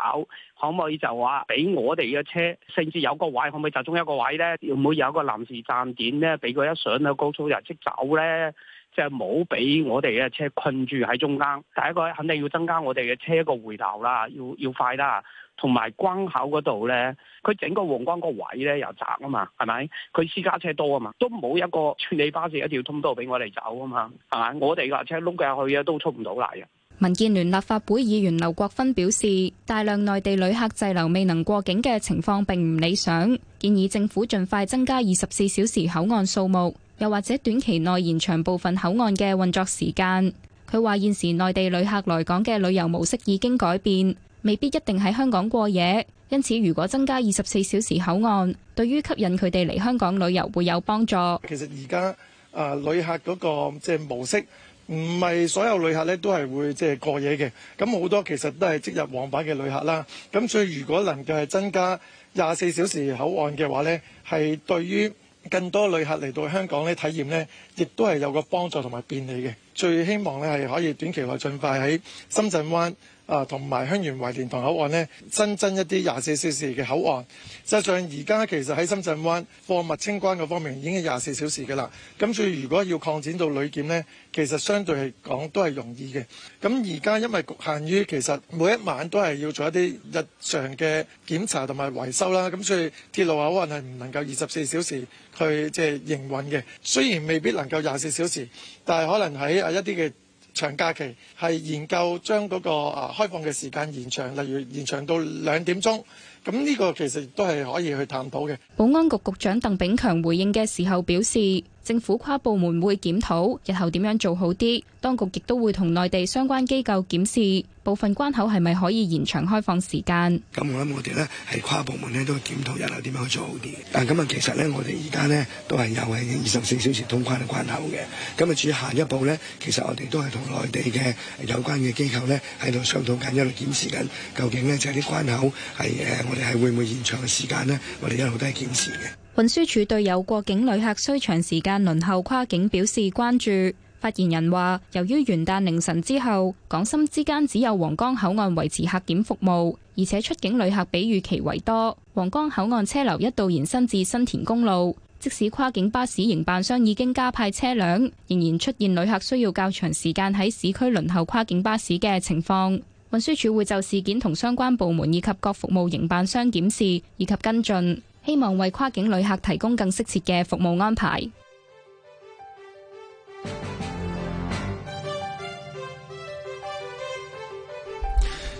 可唔可以就話俾我哋嘅車，甚至有個位，可唔可以集中一個位咧？會唔會有個臨時站點咧？俾佢一上到高速人走呢就即走咧？即係冇俾我哋嘅車困住喺中間。第一個肯定要增加我哋嘅車個回頭啦，要要快啦。同埋關口嗰度呢，佢整個皇崗個位呢又窄啊嘛，係咪？佢私家車多啊嘛，都冇一個處理巴士一條通道俾我哋走啊嘛，係咪？我哋架車碌架去啊，都出唔到嚟啊！民建聯立法會議員劉國芬表示，大量內地旅客滯留未能過境嘅情況並唔理想，建議政府盡快增加二十四小時口岸數目，又或者短期內延長部分口岸嘅運作時間。佢話現時內地旅客來港嘅旅遊模式已經改變。未必一定喺香港過夜，因此如果增加二十四小時口岸，對於吸引佢哋嚟香港旅遊會有幫助。其實而家啊，旅客嗰個即係模式，唔係所有旅客咧都係會即係過夜嘅。咁好多其實都係即日往返嘅旅客啦。咁所以如果能夠係增加廿四小時口岸嘅話咧，係對於更多旅客嚟到香港呢體驗咧，亦都係有個幫助同埋便利嘅。最希望咧係可以短期內盡快喺深圳灣。啊，同埋香園圍蓮塘口岸呢，新增，增一啲廿四小時嘅口岸。實際上而家其實喺深圳灣貨物清關嘅方面已經廿四小時㗎啦。咁所以如果要擴展到旅檢呢，其實相對嚟講都係容易嘅。咁而家因為局限於其實每一晚都係要做一啲日常嘅檢查同埋維修啦，咁所以鐵路口岸係唔能夠二十四小時去即係營運嘅。雖然未必能夠廿四小時，但係可能喺啊一啲嘅。長假期係研究將嗰個啊開放嘅時間延長，例如延長到兩點鐘。咁、這、呢個其實都係可以去探討嘅。保安局局長鄧炳強回應嘅時候表示。政府跨部門會檢討日後點樣做好啲，當局亦都會同內地相關機構檢視部分關口係咪可以延長開放時間。咁我諗我哋呢係跨部門呢都檢討日後點樣去做好啲。但咁啊，其實呢，我哋而家呢都係有係二十四小時通關嘅關口嘅。咁啊，至於下一步呢，其實我哋都係同內地嘅有關嘅機構呢喺度商討緊，一路檢視緊究竟呢，就係啲關口係誒我哋係會唔會延長嘅時間呢？我哋一路都係檢視嘅。運輸署對有過境旅客需長時間輪候跨境，表示關注。發言人話，由於元旦凌晨之後，港深之間只有皇崗口岸維持客檢服務，而且出境旅客比預期為多，皇崗口岸車流一度延伸至新田公路。即使跨境巴士營辦商已經加派車輛，仍然出現旅客需要較長時間喺市區輪候跨境巴士嘅情況。運輸署會就事件同相關部門以及各服務營辦商檢視以及跟進。希望為跨境旅客提供更適切嘅服務安排。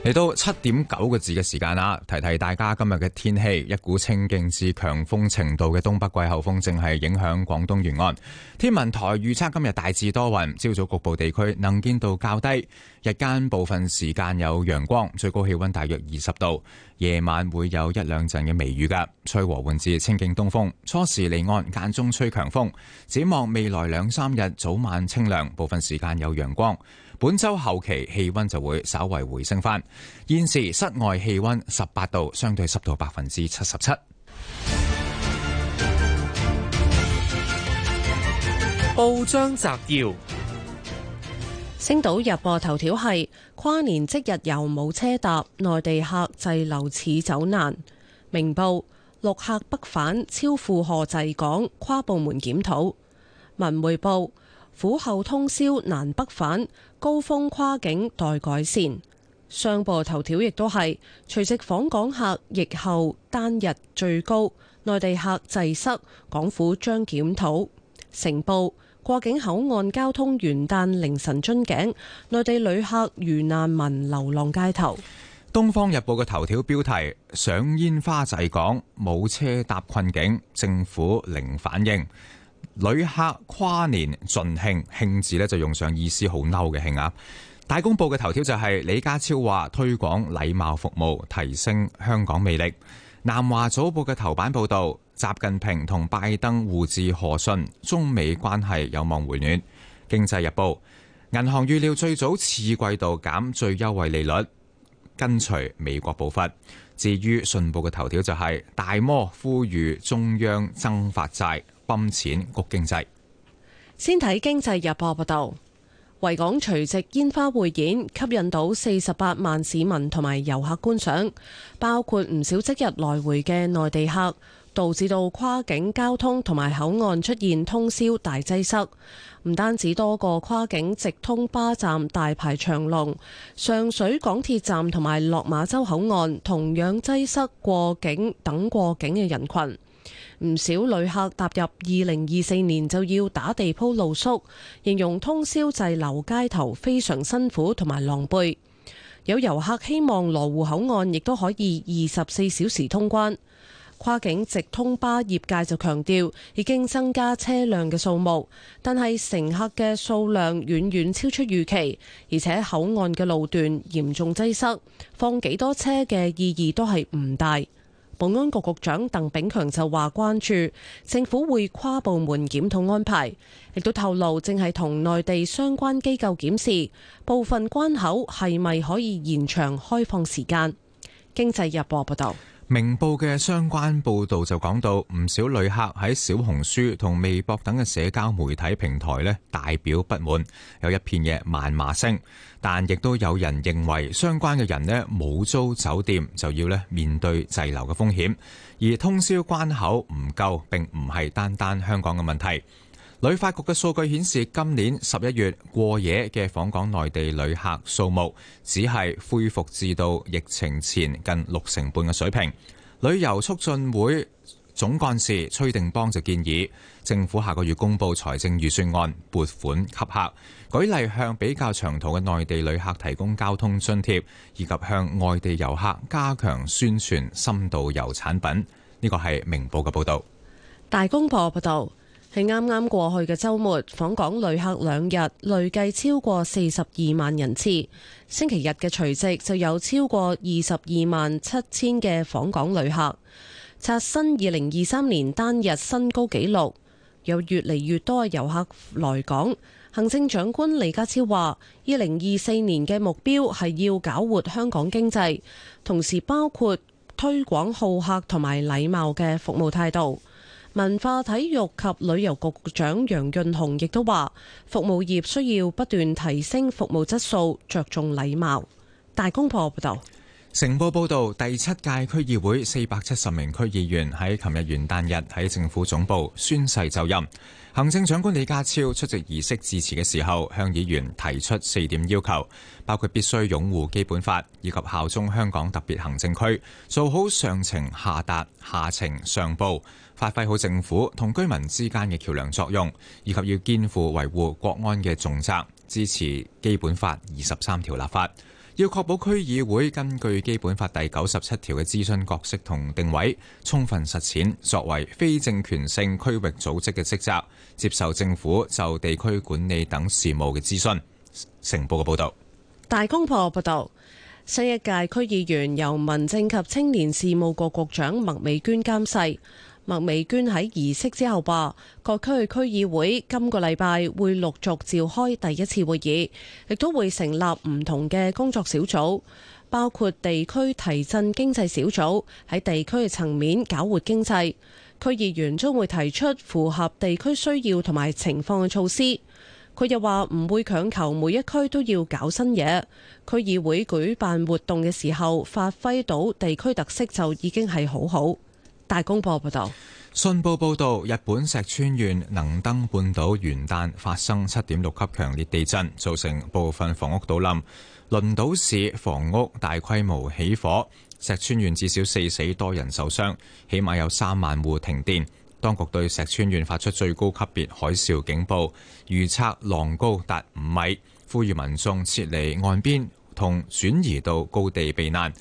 嚟到七點九個字嘅時間啦，提提大家今日嘅天氣，一股清勁至強風程度嘅東北季候風正係影響廣東沿岸。天文台預測今日大致多雲，朝早局部地區能見度較低，日間部分時間有陽光，最高氣溫大約二十度，夜晚會有一兩陣嘅微雨嘅，吹和緩至清勁東風，初時離岸間中吹強風，展望未來兩三日早晚清涼，部分時間有陽光，本周後期氣溫就會稍為回升翻。現時室外氣溫十八度，相對濕度百分之七十七。報章摘要：星島日報，頭條係跨年即日又冇車搭，內地客滯留似走難。明報，陸客北返超負荷滯港，跨部門檢討。文匯報，府後通宵難北返，高峰跨境待改善。商報頭條亦都係除夕訪港客疫後單日最高，內地客滯塞，港府將檢討。成報過境口岸交通元旦凌晨樽頸，內地旅客如難民流浪街頭。《東方日報》嘅頭條標題：上煙花仔港，冇車搭困境，政府零反應。旅客跨年盡興，興字呢就用上意思好嬲嘅興啊！《大公報》嘅頭條就係李家超話推廣禮貌服務，提升香港魅力。南華早報嘅頭版報道，習近平同拜登互致賀信，中美關係有望回暖。經濟日報，銀行預料最早次季度減最優惠利率，跟隨美國步伐。至於信報嘅頭條就係、是、大摩呼籲中央增發債，泵錢谷經濟。先睇經濟日報報道。維港除夕煙花匯演吸引到四十八萬市民同埋遊客觀賞，包括唔少即日來回嘅內地客，導致到跨境交通同埋口岸出現通宵大擠塞。唔單止多個跨境直通巴站大排長龍，上水港鐵站同埋落馬洲口岸同樣擠塞過境等過境嘅人群。唔少旅客踏入二零二四年就要打地鋪露宿，形容通宵滯留街頭非常辛苦同埋狼狽。有遊客希望羅湖口岸亦都可以二十四小時通關。跨境直通巴業界就強調，已經增加車輛嘅數目，但係乘客嘅數量遠遠超出預期，而且口岸嘅路段嚴重擠塞，放幾多車嘅意義都係唔大。保安局局長鄧炳強就話關注，政府會跨部門檢討安排，亦都透露正係同內地相關機構檢視部分關口係咪可以延長開放時間。經濟日報報道。明報嘅相關報道就講到，唔少旅客喺小紅書同微博等嘅社交媒體平台呢大表不滿，有一片嘅謾罵聲。但亦都有人認為，相關嘅人呢冇租酒店就要呢面對滯留嘅風險，而通宵關口唔夠，並唔係單單香港嘅問題。旅發局嘅數據顯示，今年十一月過夜嘅訪港內地旅客數目只係恢復至到疫情前近六成半嘅水平。旅遊促進會總幹事崔定邦就建議政府下個月公布財政預算案撥款吸客，舉例向比較長途嘅內地旅客提供交通津貼，以及向外地遊客加強宣傳深度遊產品。呢個係明報嘅報道。大公報報道。喺啱啱過去嘅週末，訪港旅客兩日累計超過四十二萬人次。星期日嘅除夕就有超過二十二萬七千嘅訪港旅客，刷新二零二三年單日新高紀錄。有越嚟越多嘅遊客來港。行政長官李家超話：二零二四年嘅目標係要搞活香港經濟，同時包括推廣好客同埋禮貌嘅服務態度。文化、體育及旅遊局局長楊潤雄亦都話：服務業需要不斷提升服務質素，着重禮貌。大公報報道，成報報道，第七屆區議會四百七十名區議員喺琴日元旦日喺政府總部宣誓就任。行政長官李家超出席儀式致辭嘅時候，向議員提出四點要求，包括必須擁護基本法，以及效忠香港特別行政區，做好上情下達、下情上報。發揮好政府同居民之間嘅橋梁作用，以及要肩負維護國安嘅重責，支持基本法二十三條立法，要確保區議會根據基本法第九十七條嘅諮詢角色同定位，充分實踐作為非政權性區域組織嘅職責，接受政府就地區管理等事務嘅諮詢。成報嘅報導，大公報報道，新一屆區議員由民政及青年事務局局長麥美娟監誓。麥美娟喺儀式之後話：各區區議會今個禮拜會陸續召開第一次會議，亦都會成立唔同嘅工作小組，包括地區提振經濟小組，喺地區嘅層面搞活經濟。區議員將會提出符合地區需要同埋情況嘅措施。佢又話：唔會強求每一區都要搞新嘢。區議會舉辦活動嘅時候，發揮到地區特色就已經係好好。大公報報道。信報報道，日本石川縣能登半島元旦發生七點六級強烈地震，造成部分房屋倒冧，輪島市房屋大規模起火，石川縣至少四死多人受傷，起碼有三萬戶停電。當局對石川縣發出最高級別海嘯警報，預測浪高達五米，呼籲民眾撤離岸邊同轉移到高地避難。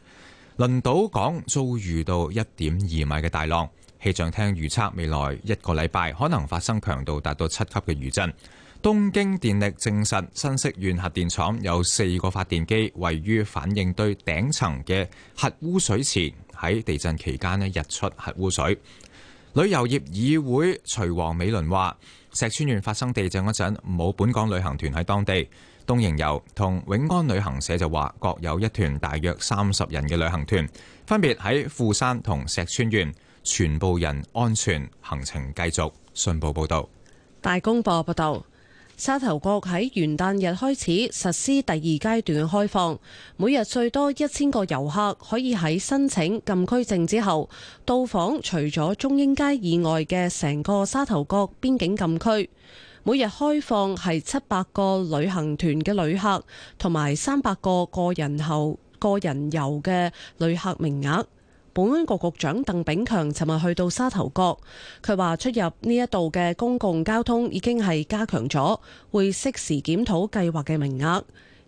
輪島港遭遇到一點二米嘅大浪，氣象廳預測未來一個禮拜可能發生強度達到七級嘅餘震。東京電力證實，新潟縣核電廠有四個發電機位於反應堆頂層嘅核污水池，喺地震期間呢，溢出核污水。旅遊業議會徐王美倫話：石川縣發生地震嗰陣，冇本港旅行團喺當地。東瀛遊同永安旅行社就話，各有一團大約三十人嘅旅行團，分別喺富山同石川縣，全部人安全，行程繼續。信報報道，大公報報道，沙頭角喺元旦日開始實施第二階段嘅開放，每日最多一千個遊客可以喺申請禁區證之後，到訪除咗中英街以外嘅成個沙頭角邊境禁區。每日開放係七百個旅行團嘅旅客，同埋三百個個人遊、個人遊嘅旅客名額。保安局局長鄧炳強尋日去到沙頭角，佢話出入呢一度嘅公共交通已經係加強咗，會適時檢討計劃嘅名額。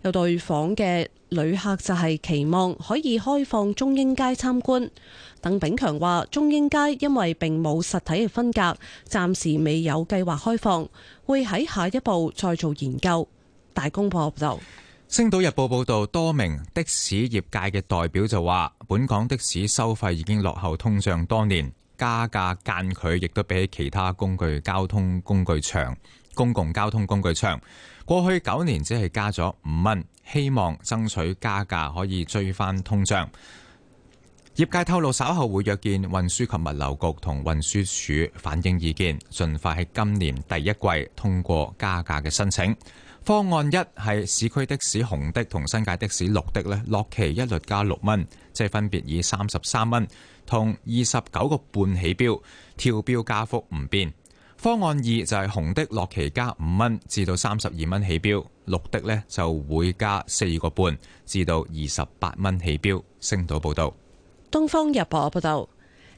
有對訪嘅旅客就係期望可以開放中英街參觀。鄧炳強話：中英街因為並冇實體嘅分隔，暫時未有計劃開放，會喺下一步再做研究。大公報報導，《星島日報》報導，多名的士業界嘅代表就話：本港的士收費已經落後通脹多年，加價間距亦都比其他工具交通工具長，公共交通工具長。過去九年只係加咗五蚊，希望爭取加價可以追翻通脹。業界透露稍後會約見運輸及物流局同運輸署反映意見，盡快喺今年第一季通過加價嘅申請。方案一係市區的士紅的同新界的士綠的落旗一律加六蚊，即係分別以三十三蚊同二十九個半起標，跳標加幅唔變。方案二就係紅的落旗加五蚊至到三十二蚊起標，綠的呢就會加四個半至到二十八蚊起標。星島報道，東方日報報道，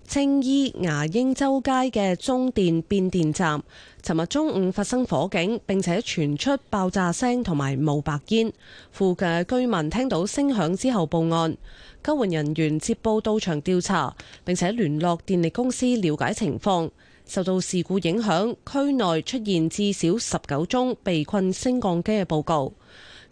青衣牙鷹洲街嘅中電變電站，尋日中午發生火警，並且傳出爆炸聲同埋冒白煙，附近居民聽到聲響之後報案，救援人員接報到場調查，並且聯絡電力公司了解情況。受到事故影響，區內出現至少十九宗被困升降機嘅報告。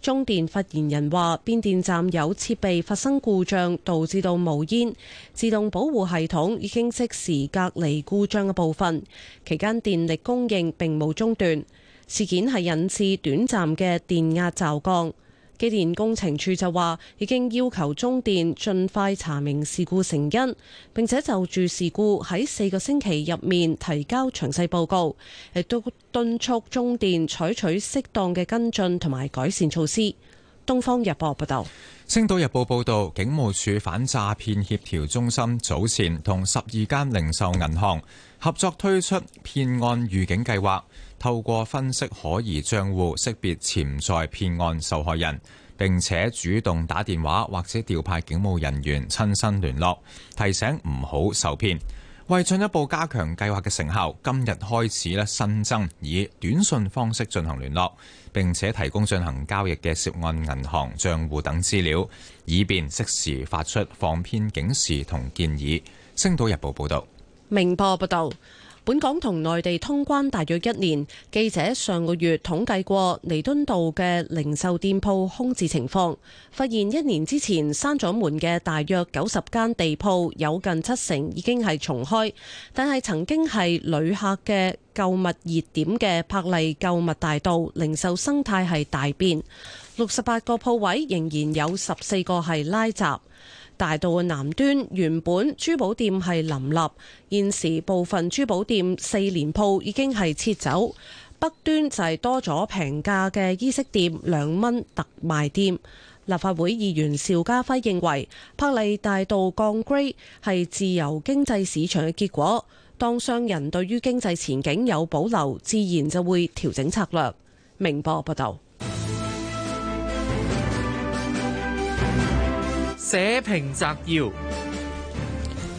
中電發言人話，變電站有設備發生故障，導致到冒煙，自動保護系統已經即時隔離故障嘅部分，期間電力供應並冇中斷。事件係引致短暫嘅電壓驟降。機電工程處就話，已經要求中電盡快查明事故成因，並且就住事故喺四個星期入面提交詳細報告，亦都敦促中電採取適當嘅跟進同埋改善措施。東方日報報道，《星島日報》報道，警務處反詐騙協調中心早前同十二間零售銀行合作推出騙案預警計劃。透過分析可疑帳戶，識別潛在騙案受害人，並且主動打電話或者調派警務人員親身聯絡，提醒唔好受騙。為進一步加強計劃嘅成效，今日開始咧新增以短信方式進行聯絡，並且提供進行交易嘅涉案銀行帳戶等資料，以便適時發出防騙警示同建議。星島日報報道，明報報道。本港同內地通關大約一年，記者上個月統計過彌敦道嘅零售店鋪空置情況，發現一年之前閂咗門嘅大約九十間地鋪，有近七成已經係重開。但係曾經係旅客嘅購物熱點嘅柏麗購物大道，零售生態係大變，六十八個鋪位仍然有十四個係拉閘。大道嘅南端原本珠寶店係林立，現時部分珠寶店四連鋪已經係撤走。北端就係多咗平價嘅衣飾店、兩蚊特賣店。立法會議員邵家輝認為，柏麗大道降 grade 係自由經濟市場嘅結果。當商人對於經濟前景有保留，自然就會調整策略。明報報道。社評摘要：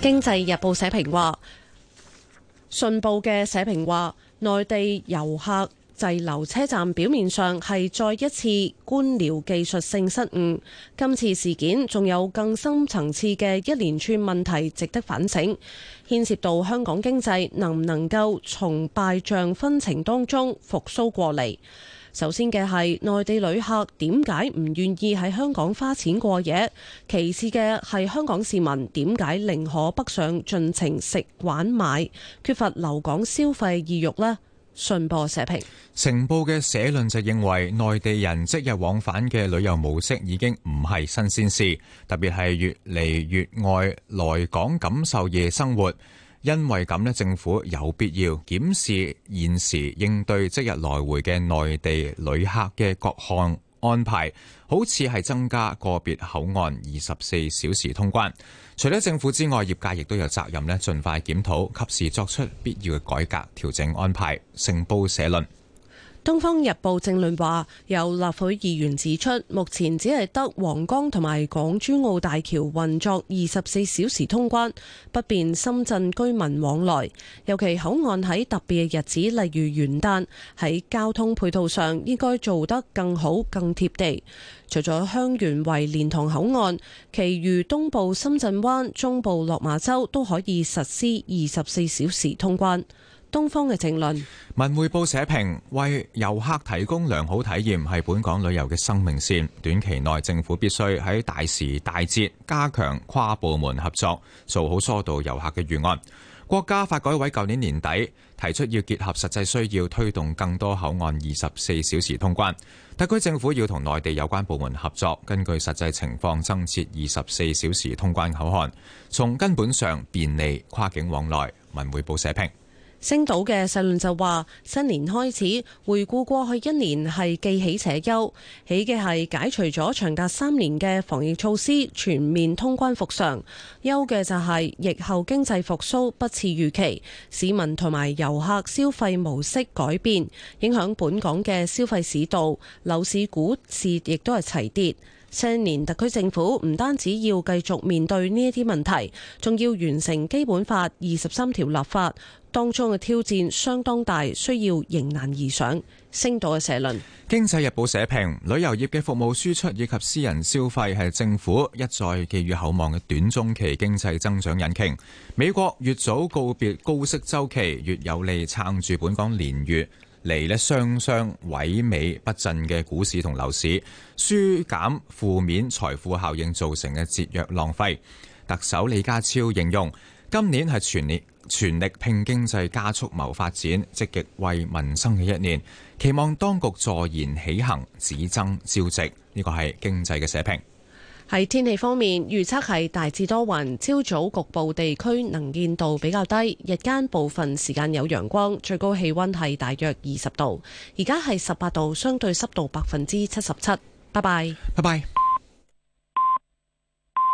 經濟日報社評話，信報嘅社評話，內地遊客滯留車站，表面上係再一次官僚技術性失誤。今次事件仲有更深層次嘅一連串問題值得反省，牽涉到香港經濟能唔能夠從敗仗紛呈當中復甦過嚟。首先嘅係內地旅客點解唔願意喺香港花錢過夜？其次嘅係香港市民點解寧可北上盡情食玩買，缺乏留港消費意欲呢？信報社評。成報嘅社論就認為，內地人即日往返嘅旅遊模式已經唔係新鮮事，特別係越嚟越愛來港感受夜生活。因為咁呢，政府有必要檢視現時應對即日來回嘅內地旅客嘅各項安排，好似係增加個別口岸二十四小時通關。除咗政府之外，業界亦都有責任咧，盡快檢討，及時作出必要嘅改革調整安排。成報社論。《東方日報》政論話，有立會議員指出，目前只係得皇崗同埋港珠澳大橋運作二十四小時通關，不便深圳居民往來。尤其口岸喺特別嘅日子，例如元旦，喺交通配套上應該做得更好、更貼地。除咗香園圍蓮塘口岸，其餘東部深圳灣、中部落馬洲都可以實施二十四小時通關。東方嘅評論，《文匯報》社評：為遊客提供良好體驗係本港旅遊嘅生命線。短期內，政府必須喺大時大節加強跨部門合作，做好疏導遊客嘅預案。國家發改委舊年年底提出，要結合實際需要，推動更多口岸二十四小時通關。特區政府要同內地有關部門合作，根據實際情況增設二十四小時通關口岸，從根本上便利跨境往來。《文匯報》社評。星島嘅社論就話：新年開始回顧過去一年係既喜且憂，喜嘅係解除咗長達三年嘅防疫措施，全面通關復常；憂嘅就係疫後經濟復蘇不似預期，市民同埋遊客消費模式改變，影響本港嘅消費市道，樓市股市亦都係齊跌。青年特區政府唔單止要繼續面對呢一啲問題，仲要完成《基本法》二十三條立法，當中嘅挑戰相當大，需要迎難而上。星島嘅社論，《經濟日報》社評：旅遊業嘅服務輸出以及私人消費係政府一再寄予厚望嘅短中期經濟增長引擎。美國越早告別高息周期，越有利撐住本港年月。嚟，呢雙雙萎靡不振嘅股市同樓市，紓減負面財富效應造成嘅節約浪費，特首李家超形容，今年係全力全力拼經濟加速謀發展、積極為民生嘅一年，期望當局坐言起行，只爭朝夕。呢個係經濟嘅社評。喺天氣方面，預測係大致多雲，朝早局部地區能見度比較低，日間部分時間有陽光，最高氣溫係大約二十度。而家係十八度，相對濕度百分之七十七。拜拜，拜拜。